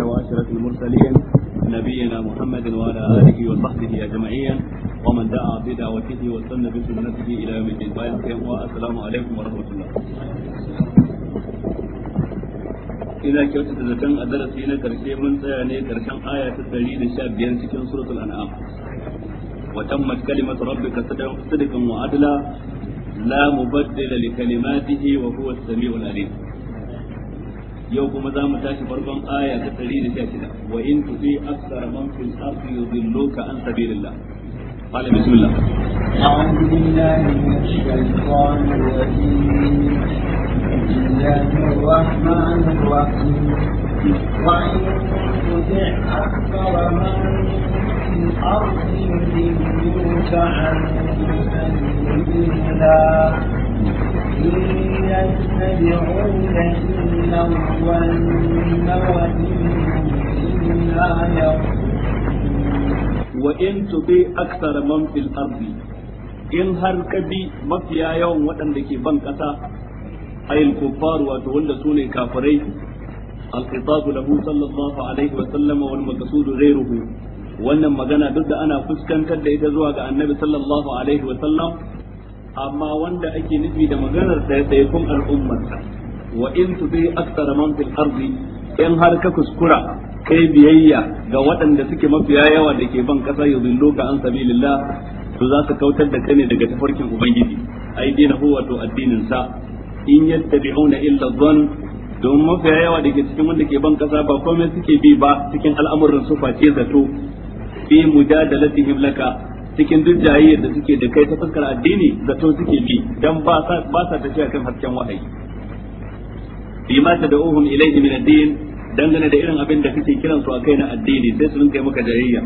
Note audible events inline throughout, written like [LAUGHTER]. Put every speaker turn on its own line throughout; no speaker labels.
وأشرة المرسلين نبينا محمد وعلى آله وصحبه أجمعين ومن دعا بدعوته وسن بسنته إلى يوم الدين والسلام عليكم ورحمة الله إذا كنت تذكرن أدرس هنا كرشي من سيعني كرشان آية تتريد الشاب ينسكن سورة الأنعام وتمت كلمة ربك صدقا وعدلا لا مبدل لكلماته وهو السميع العليم yau kuma za mu tashi farkon aya ta 116 wa in tuti aktsara man fil ardi yudilluka an sabilillah قال بسم الله أعوذ بالله من الشيطان
الرجيم بسم الله الرحمن الرحيم وإن تطع أكثر من في الأرض يضلوك عن سبيل الله إن يتبعون إلا الظن
وإن تبي أكثر من في الأرض in har ka bi mafiya yawan waɗanda ke ban ƙasa ayil kuffar wato wanda su ne kafirai alqitabu lahu sallallahu alaihi wa sallama wal maqsudu ghayruhu wannan magana duk da ana fuskantar da ita zuwa ga annabi sallallahu alaihi wa sallam amma wanda ake nufi da maganar ɗaiɗaikun al'ummarsa wa in tuti aksara man fil ardi in har ka kuskura kai biyayya ga waɗanda suke mafiya yawa da ke ban kasa yuzillu ka an sabilillah to za su kautar da kai ne daga tafarkin ubangiji ai dina huwa to addinin sa in yattabi'una illa dhann don mafiya yawa da ke cikin wanda ke ban kasa ba komai suke bi ba cikin al'amuran su face zato fi mujadalatihim laka cikin duk jayayyar da suke da kai ta fuskar addini zato suke bi dan ba sa ba sa tafiya kan hasken wahayi bima da ilayhi min ad-din dangane da irin abin da kake kiran su akai na addini sai su rinka maka jayayya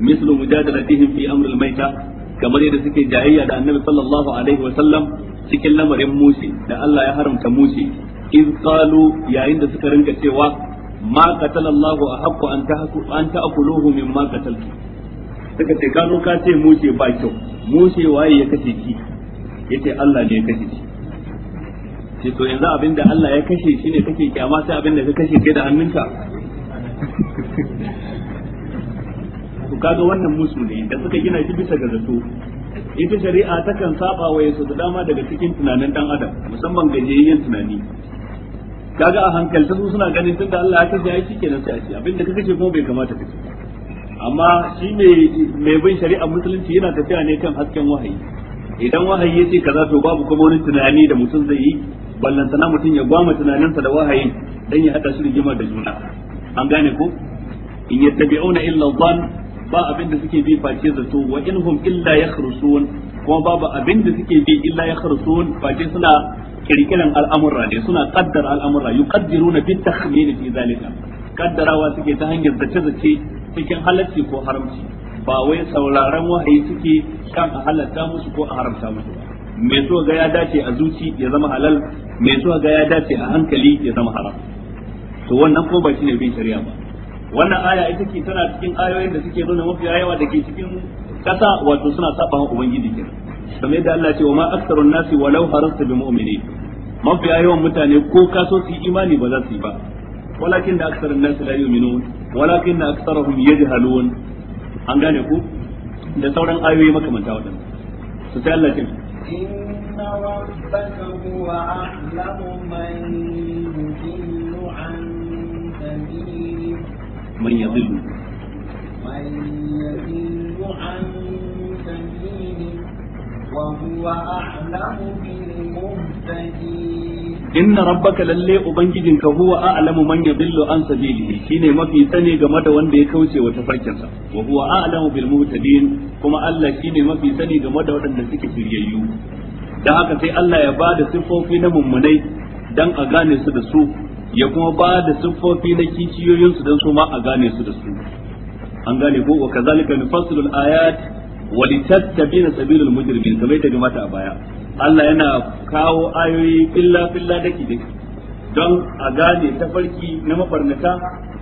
mislu mujadalatihim fi amr al-maita kamar yadda suke jayayya da annabi sallallahu alaihi wa sallam cikin lamarin musi da Allah ya haramta musi iz qalu yayin da suka rinka cewa ma qatalallahu ahqqu an ta'kuluhu mimma qataltu suka ce gano ka ce mushe ba kyau mushe waye ya kashe ki yace Allah ne ya kashe ki ce to yanzu abin da Allah ya kashe shi ne kake kyama sai abin da ka kashe ke da hannunka ku kaga wannan musu da suka gina shi bisa ga zato ita shari'a takan saba wa yasu da dama daga cikin tunanin dan adam musamman gajiyayyen tunani kaga a hankalta su suna ganin tunda Allah ya kashe ai shikenan sai a ce abin da ka kashe kuma bai kamata ka kashe amma shi mai bin shari'a musulunci yana tafiya ne kan hasken wahayi idan wahayi ya ce kaza to babu kuma wani tunani da mutum zai yi ballantana mutum ya gwama tunaninsa da wahayi dan ya hada su rigima da juna an gane ko in yattabi'una illa dhann ba abin da suke bi face zato wa inhum illa yakhrusun kuma babu abin da suke bi illa yakhrusun face suna kirkiran al'amurra ne suna kaddara al'amurra yuqaddiruna bi takhmin fi zalika kaddarawa suke ta hanyar zace-zace cikin halarci ko haramci ba wai sauraron wahayi suke kan a halatta musu ko a haramta musu mai so ga ya dace a zuci ya zama halal mai so ga ya dace a hankali ya zama haram to wannan ko ba ne bin shari'a ba wannan aya ita ke tana cikin ayoyin da suke nuna mafi yawa da ke cikin kasa wato suna saba wa ubangiji kenan kamar yadda Allah ce wa ma aktsarun nasi walau harasta bi mu'minin mafi yawan mutane ko kaso su imani ba za su yi ba walakin da aktsarun nasi la yu'minun walakin aktsarahum yajhalun an gane ku da sauran ayoyi makamanta waɗannan su sai Allah
إن ربك هو أعلم من يضل عن من يضل من يضل عن وهو أعلم بالمهتدين
inna rabbaka lalle ka huwa a'lamu man yadillu an sabilihi shine mafi sani game da wanda ya kauce wa sa wa huwa a'lamu bil muhtadin kuma Allah shine mafi sani game da waɗanda suke shiryayyu dan haka sai Allah ya ba da siffofi na mummunai dan a gane su da su ya kuma ba da siffofi na kiciyoyin su dan su ma a gane su da su an gane ko wa kazalika nufassilu ayat wa sabilul mujrimin kamar yadda mata a baya Allah yana kawo ayoyi filla filla daki daki don a gane tafarki na mafarnata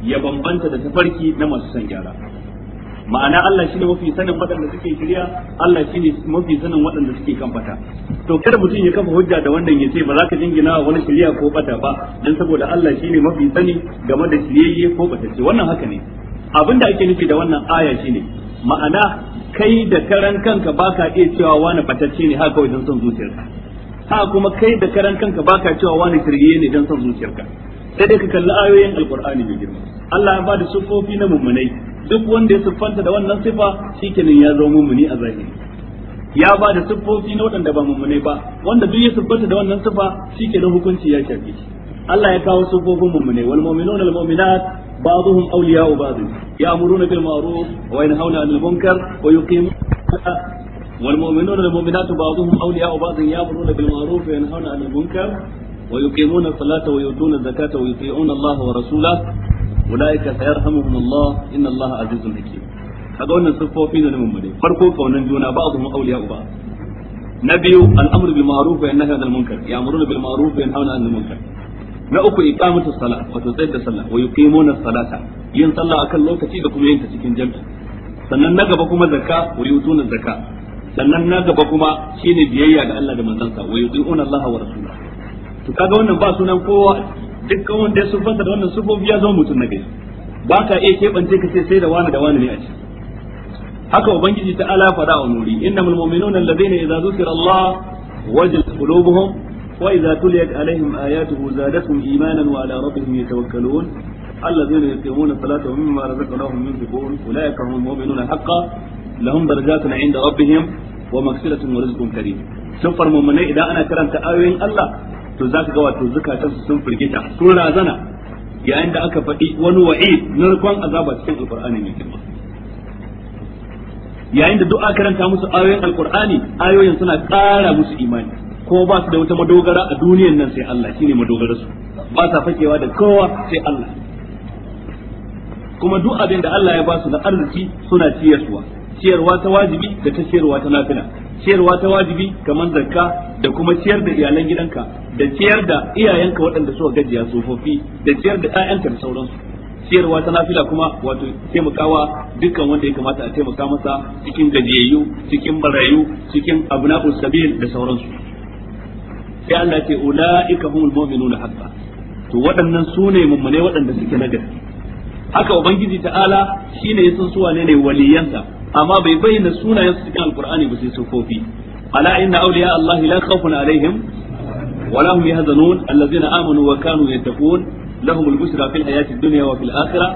ya bambanta da tafarki na masu son gyara ma'ana Allah shine mafi sanin waɗanda suke shirya Allah shine mafi sanin waɗanda suke kan fata to kada mutum ya kafa hujja da wannan ya ce ba za ka jingina wa wani shirya ko fata ba dan saboda Allah shine mafi sani game da shiryayye ko batacce wannan haka ne abin da ake nufi da wannan aya shine ma'ana kai da karan kanka baka iya cewa wani batacce ne haka wajen son zuciyarka ha kuma kai da karan kanka baka cewa wani shirye ne don son zuciyarka sai dai ka kalli ayoyin alqur'ani mai girma Allah ya bada sufofi na mummunai duk wanda ya siffanta da wannan sifa shikenan ya zama mummuni a zahiri ya ba da siffofi na waɗanda ba mummunai ba wanda duk ya siffanta da wannan sifa shikenan hukunci ya shafi Allah ya kawo siffofin mummunai wal mu'minuna wal mu'minat بعضهم أولياء بعض يأمرون بالمعروف وينهون عن المنكر ويقيمون والمؤمنون المؤمنات بعضهم أولياء بعض يأمرون بالمعروف وينهون عن المنكر ويقيمون الصلاة ويؤتون الزكاة ويطيعون الله ورسوله أولئك سيرحمهم الله إن الله عزيز حكيم kaga wannan siffofi ne na mummune farko kaunan juna ba'dhum awliya'u ba'd na biyu al'amru bil ma'ruf wa yanhauna 'anil munkar ya'muruna bil ma'ruf wa yanhauna 'anil munkar na uku iqamatu salat wato tsayar da sallah wa yuqimuna salata yin sallah akan lokaci da kuma yin ta cikin jami'i sannan na gaba kuma zakka wa yutuna zakka sannan na gaba kuma shine biyayya ga Allah da manzansa wa yuti'una Allah wa rasulahu to kaga wannan ba sunan kowa dukkan wanda sun fasa da wannan sufofi ya zama mutum na gari ba ka iya keɓance ka ce sai da wani da wani ne a ciki haka ubangiji ta ala fara wa nuri innamal mu'minuna alladhina idza dhukira Allah wajilat qulubuhum وإذا تليت عليهم آياته زادتهم إيمانا وعلى ربهم يتوكلون الذين يقيمون الصلاة ومما رزقناهم ينفقون أولئك هم المؤمنون حقا لهم درجات عند ربهم ومغفرة ورزق كريم سفر مؤمنين إذا أنا كرمت آيوين الله تزاك قوات تزكى تنسون في الجيتة سورة رازنا yayin da aka faɗi wani wa'id narkon azaba cikin alqur'ani mai girma yayin da duk aka karanta musu ayoyin alqur'ani ayoyin suna ƙara musu imani ko ba su da wata madogara a duniyan nan sai Allah shine madogara su ba sa fakewa da kowa sai Allah kuma duk abin da Allah ya ba su na arziki suna ciyarwa ciyarwa ta wajibi da ta ciyarwa ta nafila ciyarwa ta wajibi kamar zakka da kuma ciyar da iyalan gidanka da ciyar da iyayenka waɗanda suka gajiya tsofaffi da ciyar da ƴaƴanka da sauransu ciyarwa ta nafila kuma wato taimakawa dukkan wanda ya kamata a taimaka masa cikin gajiyayyu cikin barayu cikin abna'us sabil da sauransu sai Allah ce ulaika humul mu'minuna haqqan to waɗannan su ne mummune waɗanda suke na gaske haka ubangiji ta'ala shine yasan su wane ne waliyansa amma bai bayyana sunayen su cikin alqur'ani ba sai sufofi ala inna awliya allahi la khawfun alaihim ولا هم يهزنون الذين آمنوا وكانوا يتقون لهم البشرى في الحياة الدنيا وفي الآخرة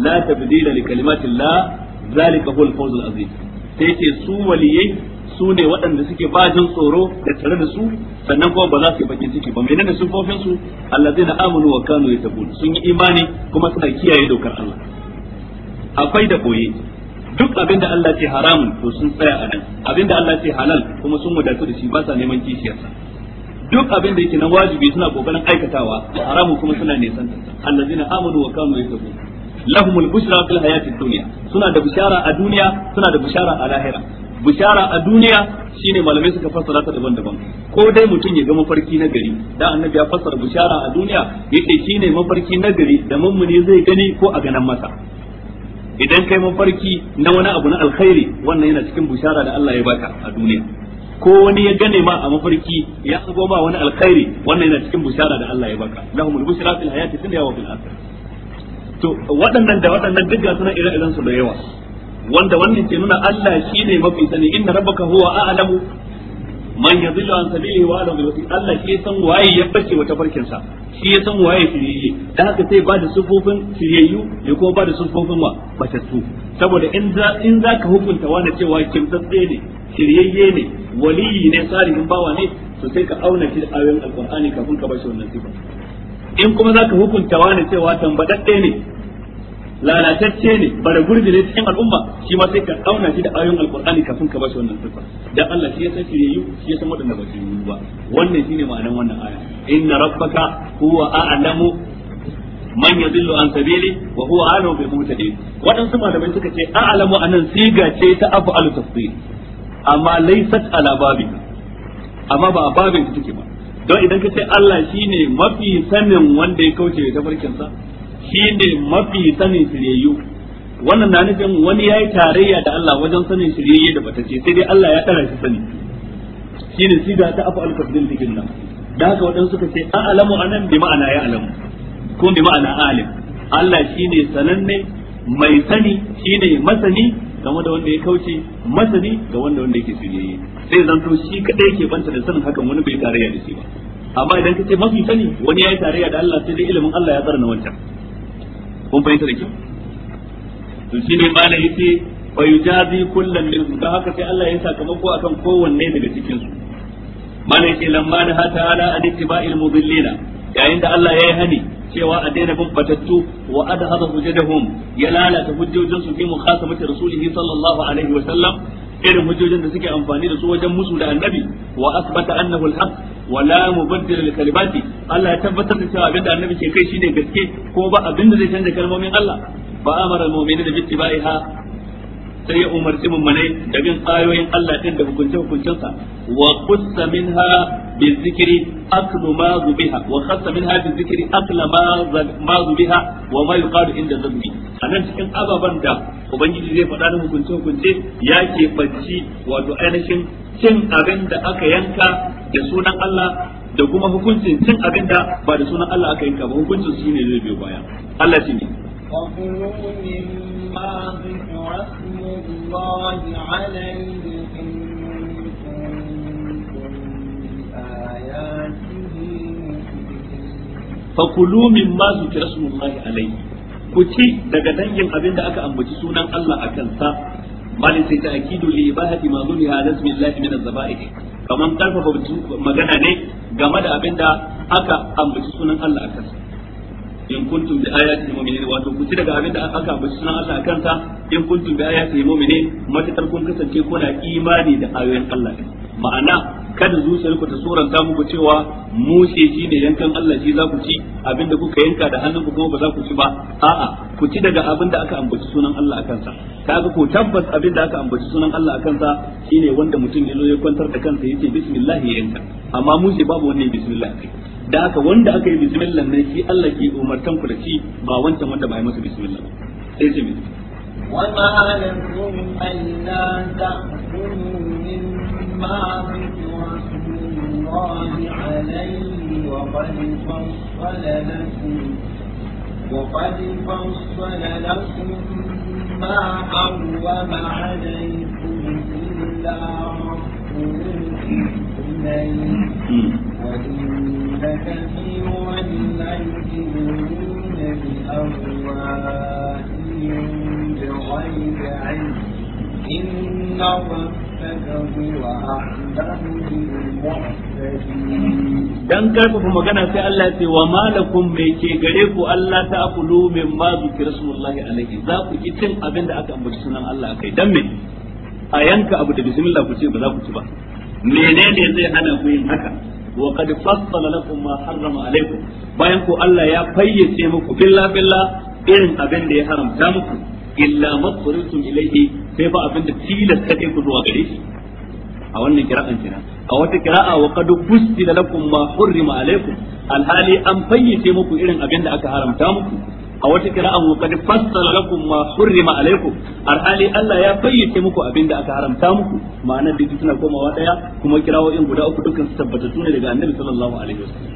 لا تبديل لكلمات الله ذلك هو الفوز azim sai ce su waliyai su ne waɗanda suke bajin tsoro da tare da su sannan kuma ba za su yi bakin ciki ba mai menene sufofin su na amunu wa kanu tabu sun yi imani kuma suna kiyaye dokar Allah akwai da boye duk abin da Allah ce haramun to sun tsaya a nan abin da Allah ce halal kuma sun wadatu da shi ba sa neman kishiyarsa duk abin da yake na wajibi suna kokarin aikatawa haramun kuma suna nisan na amunu wa kanu tabu lahumul bushra fil hayatid dunya suna da bishara a duniya suna da bishara a lahira bishara a duniya shine malamai suka fassara ta daban-daban ko dai mutum ya ga mafarki na gari da annabi ya fassara bishara a duniya yace shine mafarki na gari da mummuni zai gani ko a ganan masa idan kai mafarki na wani abu na alkhairi wannan yana cikin bishara da Allah ya baka a duniya ko wani ya gane ma a mafarki ya tsago ma wani alkhairi wannan yana cikin bishara da Allah ya baka lahumul bushra fil hayati dunya wa fil akhirah to waɗannan da waɗannan duk ga suna ire-iren su da yawa wanda wannan ke nuna Allah ne mafi sani inna rabbaka huwa a'lamu man yadhillu an sabilihi wa a'lamu bi Allah shi san waye ya bace wata farkin sa shi ya san waye shiriyye dan haka sai ba da sufofin shiriyyu ya kuma ba da sufofin wa batattu saboda in za in zaka hukunta wanda cewa kimtsatse ne shiryayye ne waliyi ne salihin bawa ne to sai ka auna shi ayoyin alqur'ani kafin ka bashi wannan sifa in kuma zaka hukunta wani cewa tambadadde ne lalatacce ne bara gurbi ne cikin al'umma shi ma sai ka auna shi da ayoyin alqur'ani kafin ka bashi wannan sifa dan Allah shi ya san shi shi ya san wadanda ba su yi ba wannan shine ma'anar wannan aya inna rabbaka huwa a'lamu man yadillu an sabili wa huwa a'lamu bil wadan su malamai suka ce a'lamu anan siga ce ta af'al tafsir amma laysat ala babi amma ba babin take ba don idan ka ce Allah shine mafi sanin wanda ya kauce da farkin sa shine mafi sanin shiryayyu wannan na nufin wani yayi tarayya da Allah wajen sanin shiryayye da ce sai dai Allah ya tara shi sani shine siga ta afal tafdil dikin nan da haka wadansu suka ce a alamu anan bi ma'ana ya alamu ko bi ma'ana alim Allah shine sananne mai sani shine masani game da wanda ya kauce masani ga wanda wanda yake shiryayye sai zanto shi kadai yake banta da sanin hakan wani bai tarayya da shi ba amma idan kace mafi sani wani yayi tarayya da Allah sai dai ilimin Allah ya tsara na wancan kun fahimta da ke to shine malam yace fa yujazi kullan minhum da haka sai Allah ya sakamako akan kowanne daga cikin su malam yace lamma na hata ala an ittiba'il mudillina yayin da Allah ya yi hani cewa a daina bin batattu wa adhaba hujjatahum ya lalata hujjojin su fi mukhasamati rasulihi sallallahu alaihi wa sallam irin hujjojin da suke amfani da su wajen musu da annabi wa asbata annahu alhaq wala mubaddil li kalimati Allah ya tabbatar da cewa abinda annabi ke kai shine gaske ko ba abinda zai canza kalmomin Allah ba amara almu'minina bi ittiba'iha sai ya umarci mummunai da bin ayoyin Allah din da hukunce hukuncensa wa qussa minha bizikri aklu ma zubiha wa khassa minha bizikri akla ma ma zubiha wa ma yuqalu inda zubbi anan cikin ababan da ubangiji zai faɗa na hukunce hukunce ya ke bacci wato ainihin cin abin da aka yanka da sunan Allah da kuma hukuncin cin abin da ba da sunan Allah aka yanka ba hukuncin shine zai biyo baya Allah shi ne
ما ذكر الله عليه إن
فكلوا مما ذكر اسم الله عليه كتي daga dangin abin da aka ambaci sunan Allah a kansa malin sai ta akidu li ibahati ma zuni hadas min Allah min az zabai kaman karfafa magana ne game da abin da aka ambaci sunan Allah a kansa in kuntum bi ayati mu'minin wato ku ci daga abin da aka ambaci sunan Allah kansa in kuntum bi ayati mu'minin matakar kun kasance kuna imani da ayoyin Allah ma'ana kada zuciyar ku ta ta muku cewa shi ne yankan Allah shi za ku ci abin da kuka yanka da hannunku kuma ba za ku ci ba a'a ku ci daga abin da aka ambaci sunan Allah akan sa kaga ko tabbas abin da aka ambaci sunan Allah akan sa shine wanda mutum ya zo ya kwantar da kansa yace bismillah ya yanka amma ce babu wannan bismillah kai da haka wanda aka yi bismillah ne shi Allah ke umartan ku da shi ba wancan wanda ba ya masa bismillah sai ce mi
وما لكم ألا تأكلوا مما ذكر اسم wa عليه وقد فصل لكم وقد فصل لكم ما حرم عليكم إلا ربكم إليه وإن كثيرا لا يؤمنون dan
karfafa magana sai Allah ya ce wa malakum mai ke gare ku Allah ta akulu min ma zikir rasulullahi alaihi za ku ki cin abin da aka ambaci sunan Allah akai dan me a yanka abu da bismillah ku ce ba za ku ci ba menene zai hana ku yin haka wa qad fassala lakum ma harrama alaykum bayan ko Allah ya fayyace muku billa billa irin abin ya haramta muku illa ma qultum ilayhi sai ba abin da tilasta kai ku zuwa gare shi a wannan kira'an a wata kira'a wa qad fussila ma hurrima alaykum alhali an fayyace muku irin abin da aka haramta muku a wata kira wa qad fassala lakum ma hurrima alaykum arhali Allah ya fayyace muku abinda aka haramta muku ma'ana da suna komawa daya kuma kirawoyin guda uku dukkan su tabbata ne daga Annabi sallallahu alaihi wasallam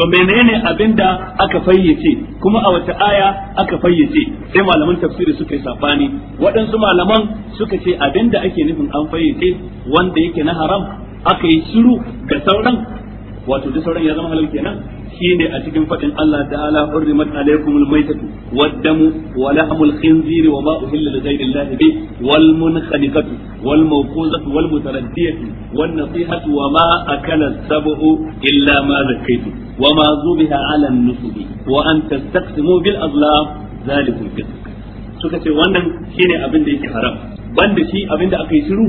to menene abinda aka fayyace kuma a wata aya aka fayyace sai malaman tafsiri suka yi sabani waɗansu malaman suka ce abinda ake nufin an fayyace wanda yake na haram aka yi shiru ga sauran wato da sauran ya zama halal kenan shine a cikin fadin Allah ta'ala hurrimat alaykumul maytatu wad-damu wa lahmul khinziri wa ma uhilla li ghayri Allah bi wal munkhaniqatu wal mawquzatu wal mutaraddiyatu wan nasihatu wa ma akala as-sab'u illa ma zakaytu wa ma zubiha 'ala an-nusubi wa an tastaqsimu bil azlam zalikum fisq suka ce wannan shine abin da yake haram banda shi abin da aka yi shiru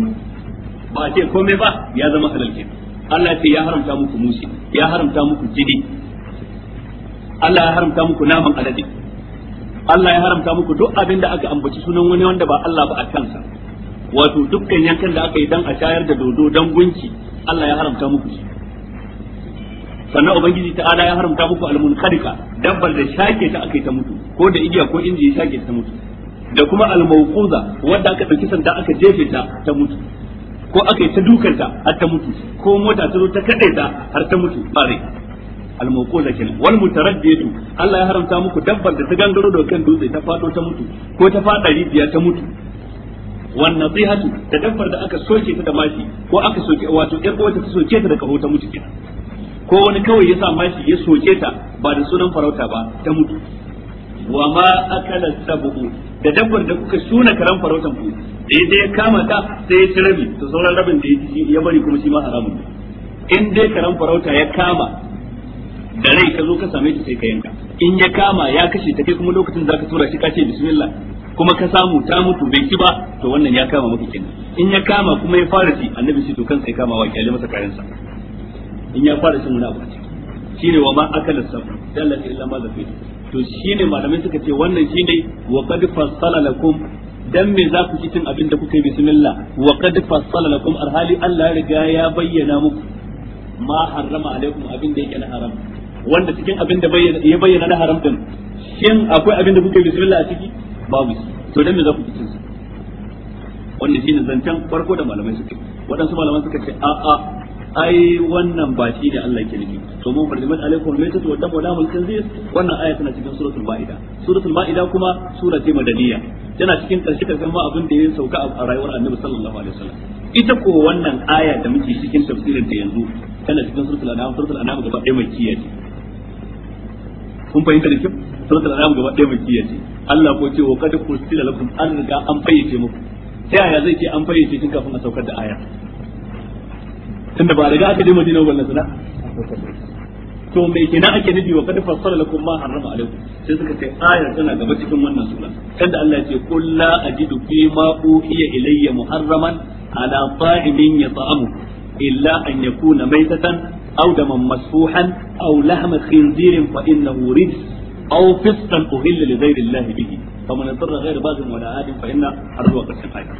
ba ce komai ba ya zama halal kenan Allah ya ce ya haramta muku mushi ya haramta muku jidi. Allah ya haramta muku naman alade Allah ya haramta muku duk abin da aka ambaci sunan wani wanda ba Allah ba a kansa wato dukkan yankan da aka yi dan a shayar da dodo dan gunki Allah ya haramta muku sannan ubangiji ala ya haramta muku almunqarika dabbar da shake ta aka yi ta mutu ko da igiya ko inji ya shake ta mutu da kuma almawquza wanda aka dauki sanda aka jefe ta ta mutu ko aka yi ta dukanta har ta mutu ko mota ta zo ta kade har ta mutu bare almauquza kin wal mutaraddid Allah ya haramta muku dabbar da ta gangaro da kan dutse ta fado ta mutu ko ta fada rijiya ta mutu wan nasihatu da dabbar da aka soke ta da mashi ko aka soke wato ɗan uwata ta soke ta da kaho ta mutu kenan ko wani kawai ya sa mashi ya soke ta ba da sunan farauta ba ta mutu wa ma akala sabu da dabbar da kuka suna karan farautan ku da ya kama ta sai ya ci rabi to sauran rabin da ya bari kuma shi ma haramun in dai karan farauta ya kama da rai ka zo ka same shi sai ka yanka in ya kama ya kashe ta kai kuma lokacin zaka tura shi ka ce bismillah kuma ka samu ta mutu bai ci ba to wannan ya kama maka kenan in ya kama kuma ya fara ci annabi shi to kansa ya kama wa kyale masa kayansa in ya fara shi muna bace a shine wa ma akala sabr dalla illa ma zafi to shine malamai suka ce wannan shine wa qad fasala lakum dan me za ku ci cin abin da kuka yi bismillah wa qad fasala lakum arhali Allah ya riga ya bayyana muku ma harrama alaikum abin da yake na haram wanda cikin abin da ya bayyana na haram din shin akwai abin da kuke bismillah a ciki babu to dan me za ku cikin su wannan shine zancen farko da malamai suke waɗansu malaman suka ce a a ai wannan ba shi ne Allah ke nufi to mun farzimat alaikum maytatu wa damu damul khinzir wannan aya tana cikin suratul ba'ida suratul ba'ida kuma sura ce madaniya tana cikin karshe karshen ma abin da ya sauka a rayuwar annabi sallallahu alaihi wasallam ita ko wannan aya da muke cikin tafsirin ta yanzu tana cikin suratul anam suratul anam gaba ɗaya mai kiyaye kun fahimta da kyau suratul an'am gaba ɗaya makiya ce Allah ko ce wa qad qultila lakum an riga an fayyace muku Sai aya zai ce an fayyace tun kafin a saukar da aya tunda ba riga aka je Madina wannan sana to me kenan ake nufi wa qad fassara lakum ma harrama alaikum sai suka ce aya tana gaba cikin wannan sura kada Allah ya ce qul la ajidu fi ma uhiya ilayya muharraman ala ta'imin yata'amu illa an yakuna maytatan أو دما مسفوحا أو لحم خنزير فإنه رجس أو فسقا أهل لغير الله به فمن اضطر غير باغ ولا عاد فإن حرم قسم أيضا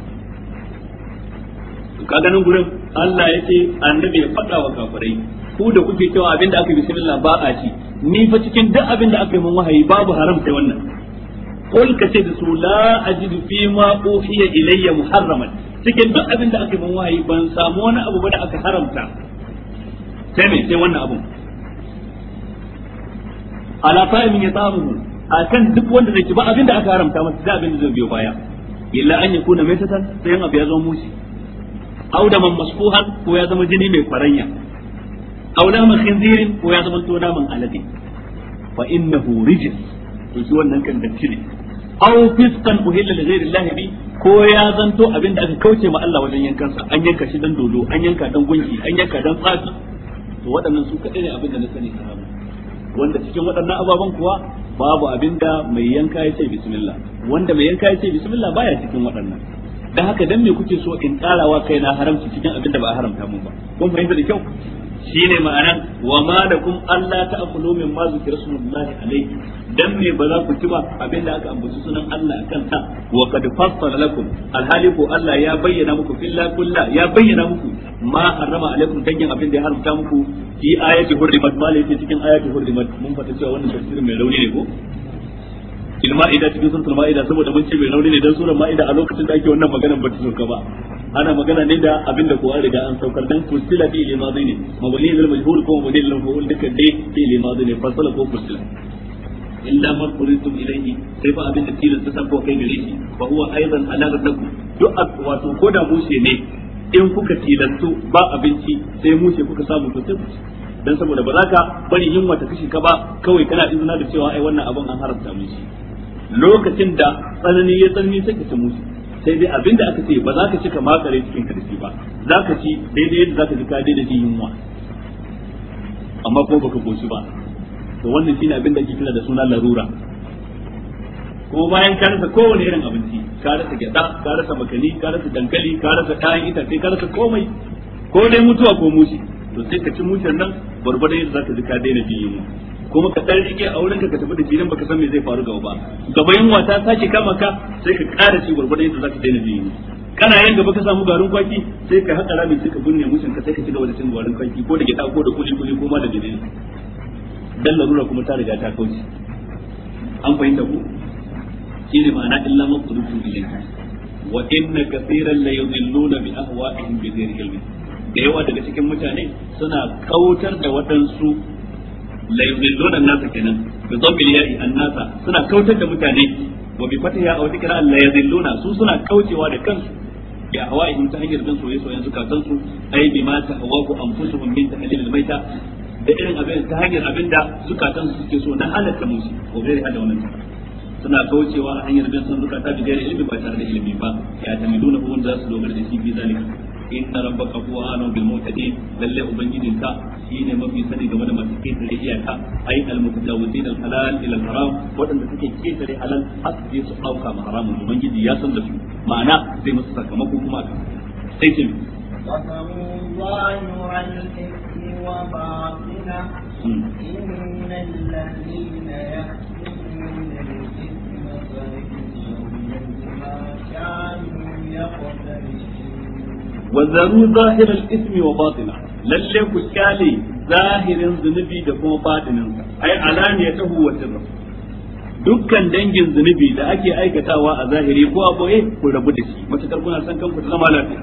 kaga nan gurin Allah ya ce annabi ya faɗa wa kafirai ku da kuke cewa abin da aka yi bismillah ba a ci ni fa cikin duk abin da aka yi min wahayi babu haram sai wannan qul ka ce da su la ajidu fi ma uhiya ilayya muharraman cikin duk abin da aka yi min wahayi ban samu wani abu ba da aka haramta sai me sai wannan abun ala fa'imin ya samu akan duk wanda zai ci ba abin da aka haramta masa da abin da zai biyo baya illa an mai maitatan sai abu ya zama mushi aw da man masfuhan ko ya zama jini mai kwaranya. aw la man khinzirin ko ya zama to naman alade fa innahu rijis to shi wannan kan da cire aw fiskan uhilla li ghairi Allah bi ko ya zanto abin da aka kauce ma Allah wajen yankansa an yanka shi dan dodo an yanka dan gunki an yanka dan tsafi to waɗannan su kaɗai ne abin da na sani haramun wanda cikin waɗannan ababen kuwa babu abin da mai yanka ya ce bismillah wanda mai yanka ya ce bismillah baya cikin waɗannan dan haka dan me kuke so in karawa kaina haramci cikin abin da ba haramta mun ba kun fahimta da kyau shine ma'ana wa ma da kun Allah ta akulu min ma zikra sunullahi alayhi dan me ba za ku ci ba abinda aka ambaci sunan Allah akan ta wa qad fassala lakum alhali ko Allah ya bayyana muku billa kulla ya bayyana muku ma harama alaikum dangin abin da ya haramta muku fi ayati hurrimat ma yake cikin ayati hurrimat mun fata cewa wannan tafsirin mai rauni ne ko ilma ida cikin suratul ma'ida saboda mun ce mai rauni ne dan suratul ma'ida a lokacin da ake wannan maganar ba ta zo ba ana magana ne da abin da kowa riga an saukar dan kursila fi ilmi madhi ne mabni lil majhul ko mabni lil maf'ul duka dai fi ilmi madhi ne fasala ko kursila illa ma kuritum ilayhi sai ba abin da tilin ta sako kai gare shi fa huwa aidan alaqa ku duk wato ko da mushe ne in kuka tilantu ba abinci sai mushe kuka samu to sai dan saboda ba za ka bari himma ta kashe ka ba kawai kana izina da cewa ai wannan abin an haramta mun lokacin da tsanani ya tsanani sai ka ci mushe sai dai da aka ce ba za ka cika makare cikin ka da shi ba za ka ci daidai yadda za ka ji ka daina jin yunwa amma kuma baka goshi ba to wannan shine abin da ake kira da suna larura ko bayan ka rasa kowane irin abinci ka rasa gyada ka rasa makani ka rasa dankali ka rasa kayan itace ka rasa komai ko dai mutuwa ko mushi to sai ka ci mushin nan barbada yadda za ka ji ka daina jin yunwa kuma ka dan rike a wurin ka tafi da jirin baka san me zai faru gaba ba gaba yunwa ta sake kama ka sai ka ƙara ci gurgurdan yadda zaka daina jini kana yin gaba ka samu garin kwaki sai ka haƙa rami sai ka binne mushin ka sai ka ci gaba da cin garin kwaki ko da gida ko da kuli kuli ko ma da jini dan larura kuma ta riga ta kauce an fahimta ku shine ma'ana illa maqdutu ilayka wa inna kaseeran la yudilluna bi ahwa'ihim bi ghairi ilmin da yawa daga cikin mutane suna kautar da waɗansu la yudilluna an-nasa kenan bi dhambil ya'i an-nasa suna kautar da mutane wa bi fatiha aw dhikra la yudilluna su suna kaucewa da kansu Ya bi in ta hanyar bin soyayya soyayya suka kansu ai bi ma tahawu anfusuhum min tahlil al-maita da irin abin ta hanyar abinda suka kansu suke so na halatta musu ko bai hada wannan suna kaucewa a hanyar bin sun zukata bi gairi ilimi ba tare da ilimi ba ya tamiduna hukum za su dogara da shi bi zalika inna rabbaka huwa alim bil mu'tadin lalle ubangijin ka shine mafi sani game da masu ketare iyaka ai al mutajawizin al halal ila al haram wadanda suke ketare halal har su dauka ma ubangiji ya san da su ma'ana musu sakamako kuma sai ce
ما كانوا hmm.
hmm. wa zaru zahiral ismi wa batina lalle ku kyale zahirin zunubi da kuma batinin sa ai alaniyatahu wa sirra dukkan dangin zunubi da ake aikatawa a zahiri ko a boye ku rabu da shi matakar kuna san kanku ta zama lafiya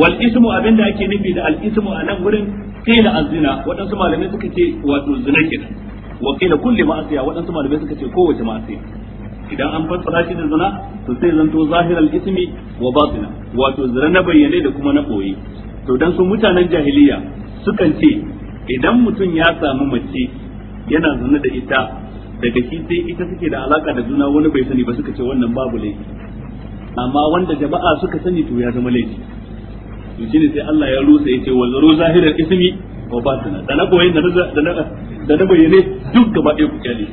wal ismu abinda ake nufi da al ismu a nan gurin qila azina wadansu malamai suka ce wato zina kenan wa qila kulli ma'asiya wadansu malamai suka ce kowace ma'asiya idan an fassara shi da zina to sai zanto zahiral ismi wa batina wato zira na bayyane da kuma na koyi to dan su mutanen jahiliya sukan ce idan mutum ya samu mace yana zina da ita daga shi sai ita suke da alaka da juna wani bai sani ba suka ce wannan babu laifi amma wanda jama'a suka sani to ya zama laifi to shine sai Allah ya rusa yace wal zahiral ismi wa batina da na koyi da na da bayyane duk gaba ɗaya ku kyale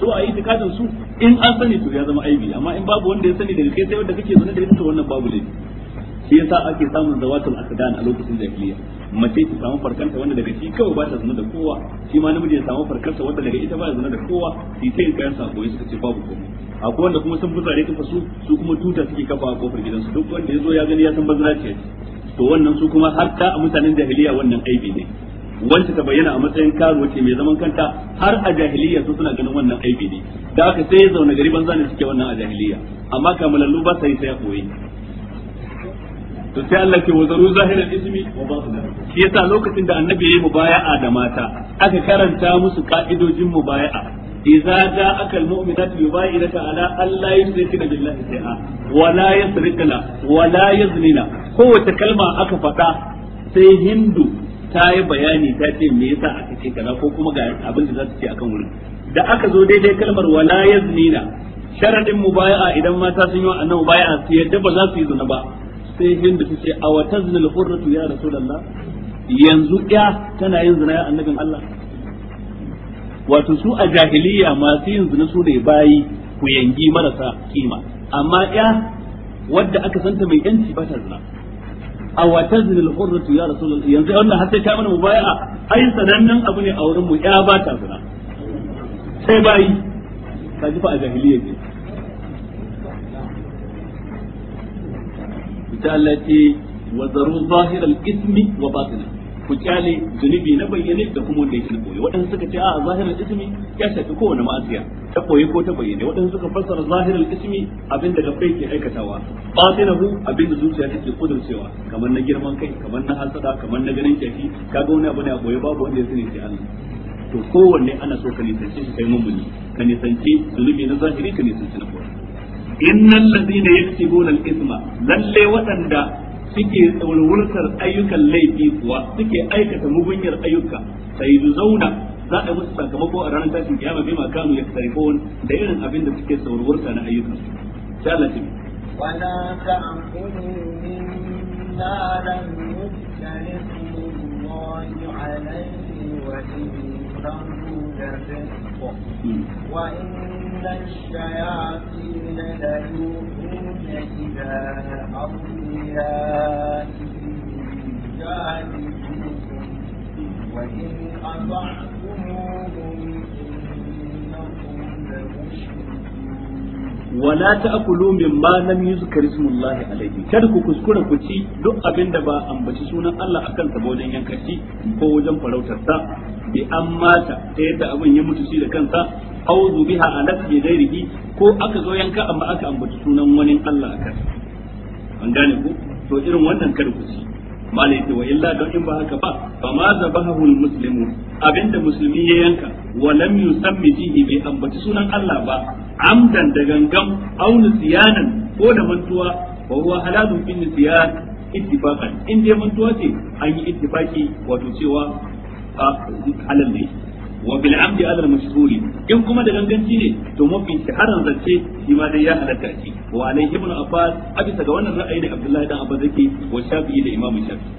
so a yi itikadin su in an sani to ya zama aibi amma in babu wanda ya sani daga kai sai wanda kake zaune da ita wannan babu ne shi yasa ake samun zawatul akdan a lokacin jahiliya mace ta samu farkanta wanda daga shi kawai ba ta zama da kowa shi ma namiji ya samu farkanta wanda daga ita ba ta zama da kowa shi ta yin sa koyi suka ce babu komai akwai wanda kuma sun buzare ta su su kuma tuta suke kafa a kofar gidansu duk wanda ya zo ya gani ya san bazara ce to wannan su kuma har ta a mutanen jahiliya wannan aibi ne wacce ta bayyana a matsayin karo ce mai zaman kanta har a jahiliya su suna ganin wannan aibi ne da aka sai ya zauna gari banza ne suke wannan a jahiliya amma kamalallu ba sai sai ya koyi to sai Allah ke wazaru zahirar ismi wa ba su shi yasa lokacin da annabi yayi mubaya'a da mata aka karanta musu ka'idojin mubaya'a إذا جاءك المؤمنات يبايعنك على أن لا يشركن بالله شيئا ولا يسرقن yuzlina Kowace kalma aka أكفتا sai hindu ta yi bayani ta ce me yasa aka ce kaza ko kuma ga abin da za su ce akan wurin da aka zo daidai kalmar wala yaznina sharadin mubaya'a idan mata sun yi annabi mubaya'a su yadda ba za su yi zina ba sai hinda ta ce a wata zinal hurratu ya rasulullah yanzu ya tana yin zina ya annabin Allah wato su a jahiliya masu yin zina su ne bayi ku yangi marasa kima amma ya wadda aka santa mai yanci ba ta zina A aw tazil al hurratu ya rasulullah yanzu wannan har sai ka mana mubaya'a ai sanannen abu ne a wurin mu ya ba ta zina sai bayi ka ji fa a jahiliyyah ce ita Allah ce wa zaru zahir ismi wa batina ku kyale zunubi na bayyane da kuma wanda yake na boye waɗansu suka ce a zahirar ismi ya shafi kowane ma'asiya ta boye ko ta bayyane waɗansu suka fassara zahirar ismi abin da gabbai ke aikatawa batinahu abin da zuciya take kudurcewa kamar na girman kai kamar na hasada kamar na ganin kyafi kaga wani abu ne a boye babu wanda ya sani sai Allah to kowanne ana so ka nisance shi kai mummuni ka nisance zunubi na zahiri ka nisance na boye innal ladina yaktubuna al-ithma lalle waɗanda suke tsaururkar ayyukan laifi kuwa suke aikata mugunyar ayyuka sai su zauna za a musu sakamako a ranar tashin kiyama bai makanu ya tsarifon da irin abin da suke tsaururka na ayyukan sai Allah ce
wala ta'kulu minna lam yusrifu Allahu alayhi wa hmm. inna الشياطين ليوحون إذا ta جاهلون وإن أطعتموهم إنكم
لمشركون
ولا تأكلوا ku kuskura ku ci duk abin da ba ambaci sunan Allah akan sa wajen yankaci ko wajen farautar sa bi an mata ta yadda abin ya mutu shi da kansa auzu biha ala yadayhi ko aka zo yanka amma aka ambaci sunan wani Allah a an gane ku to irin wannan kar ku ci malai ce wa illa don in ba haka ba fa ma zabahu muslimu abinda musulmi ya yanka wa lam yusammi fihi bi ambaci sunan Allah ba amdan da gangan aw nisyanan ko da mantuwa wa huwa halalun bin nisyan ittifaqan in dai mantuwa ce an yi ittifaki wato cewa ah, halal ne wa bil amdi ala al in kuma da ganganci ne to mafi shaharan zance shi ma dai ya halatta shi wa alai ibn abbas a bisa ga wannan ra'ayi da abdullahi dan abbas yake wa shafi'i da imamu shafi'i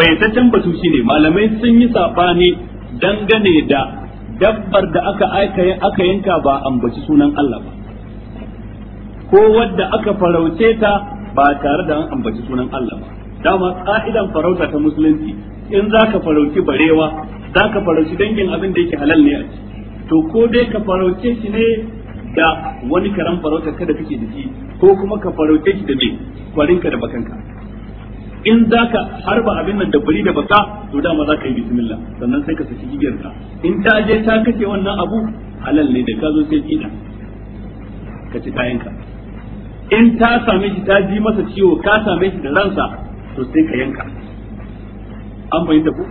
fayyataccen batu shine malamai sun yi sabani dangane da dabbar da aka aka yanka ba ambaci sunan Allah ba ko wadda aka farauce ta ba tare da an ambaci sunan Allah ba dama ka'idan farauta ta musulunci in zaka ka farauci barewa za ka farauci dangin abin da yake halal ne a ci to ko dai ka farauce shi ne da wani karan farautar kada kake da shi ko kuma ka farauce shi da me kwarinka da bakanka in za ka harba abin nan da bari da baka to dama za ka yi bismillah sannan sai ka saki igiyar ka in ta je ta kace wannan abu halal ne da ka zo sai kida ka ci kayan ka in ta same shi ta ji masa ciwo ka same shi da ransa to sai ka yanka an fahimta ko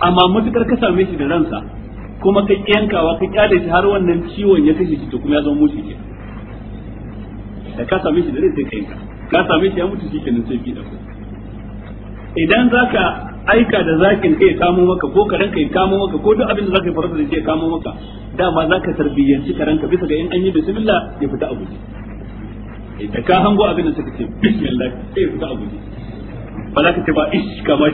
amma matukar ka same shi da ransa kuma ka yankawa ka kyale shi har wannan ciwon ya kashe shi to kuma ya zama mushi ke da ka same shi da rai sai ka yanka ka same shi ya mutu shi kenan sai fi da idan zaka aika da zakin kai kamo maka ko karen kai kamo maka ko duk abin da zaka farauta da ke kamo maka dama zaka tarbiyyanci karen ka bisa ga in an yi bismillah ya fita a guje da ka hango abin da suka ce bismillah sai ya fita a guje ba za ish kama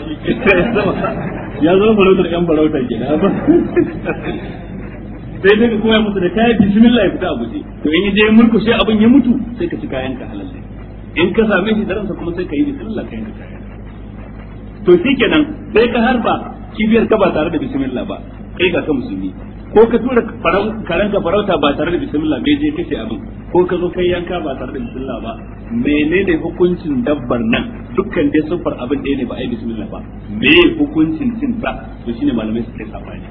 ya zama farautar yan farautar ke ba sai dai ka koya musu da kayan bismillah ya fita a guje to in je mulku sai abin ya mutu sai ka ci kayan ka halal in ka same shi daransa kuma sai ka yi bismillah ka ka harba kibiyar ka ba tare da bismillah ba kai ga ka musulmi ko ka tura karen ka farauta ba tare da bismillah bai je kace abin ko ka zo kai yanka ba tare da bismillah ba menene hukuncin dabbar nan dukkan dai sufar abin ɗaya ne ba ai bismillah ba me hukuncin cin ta to shine malamai suke sabani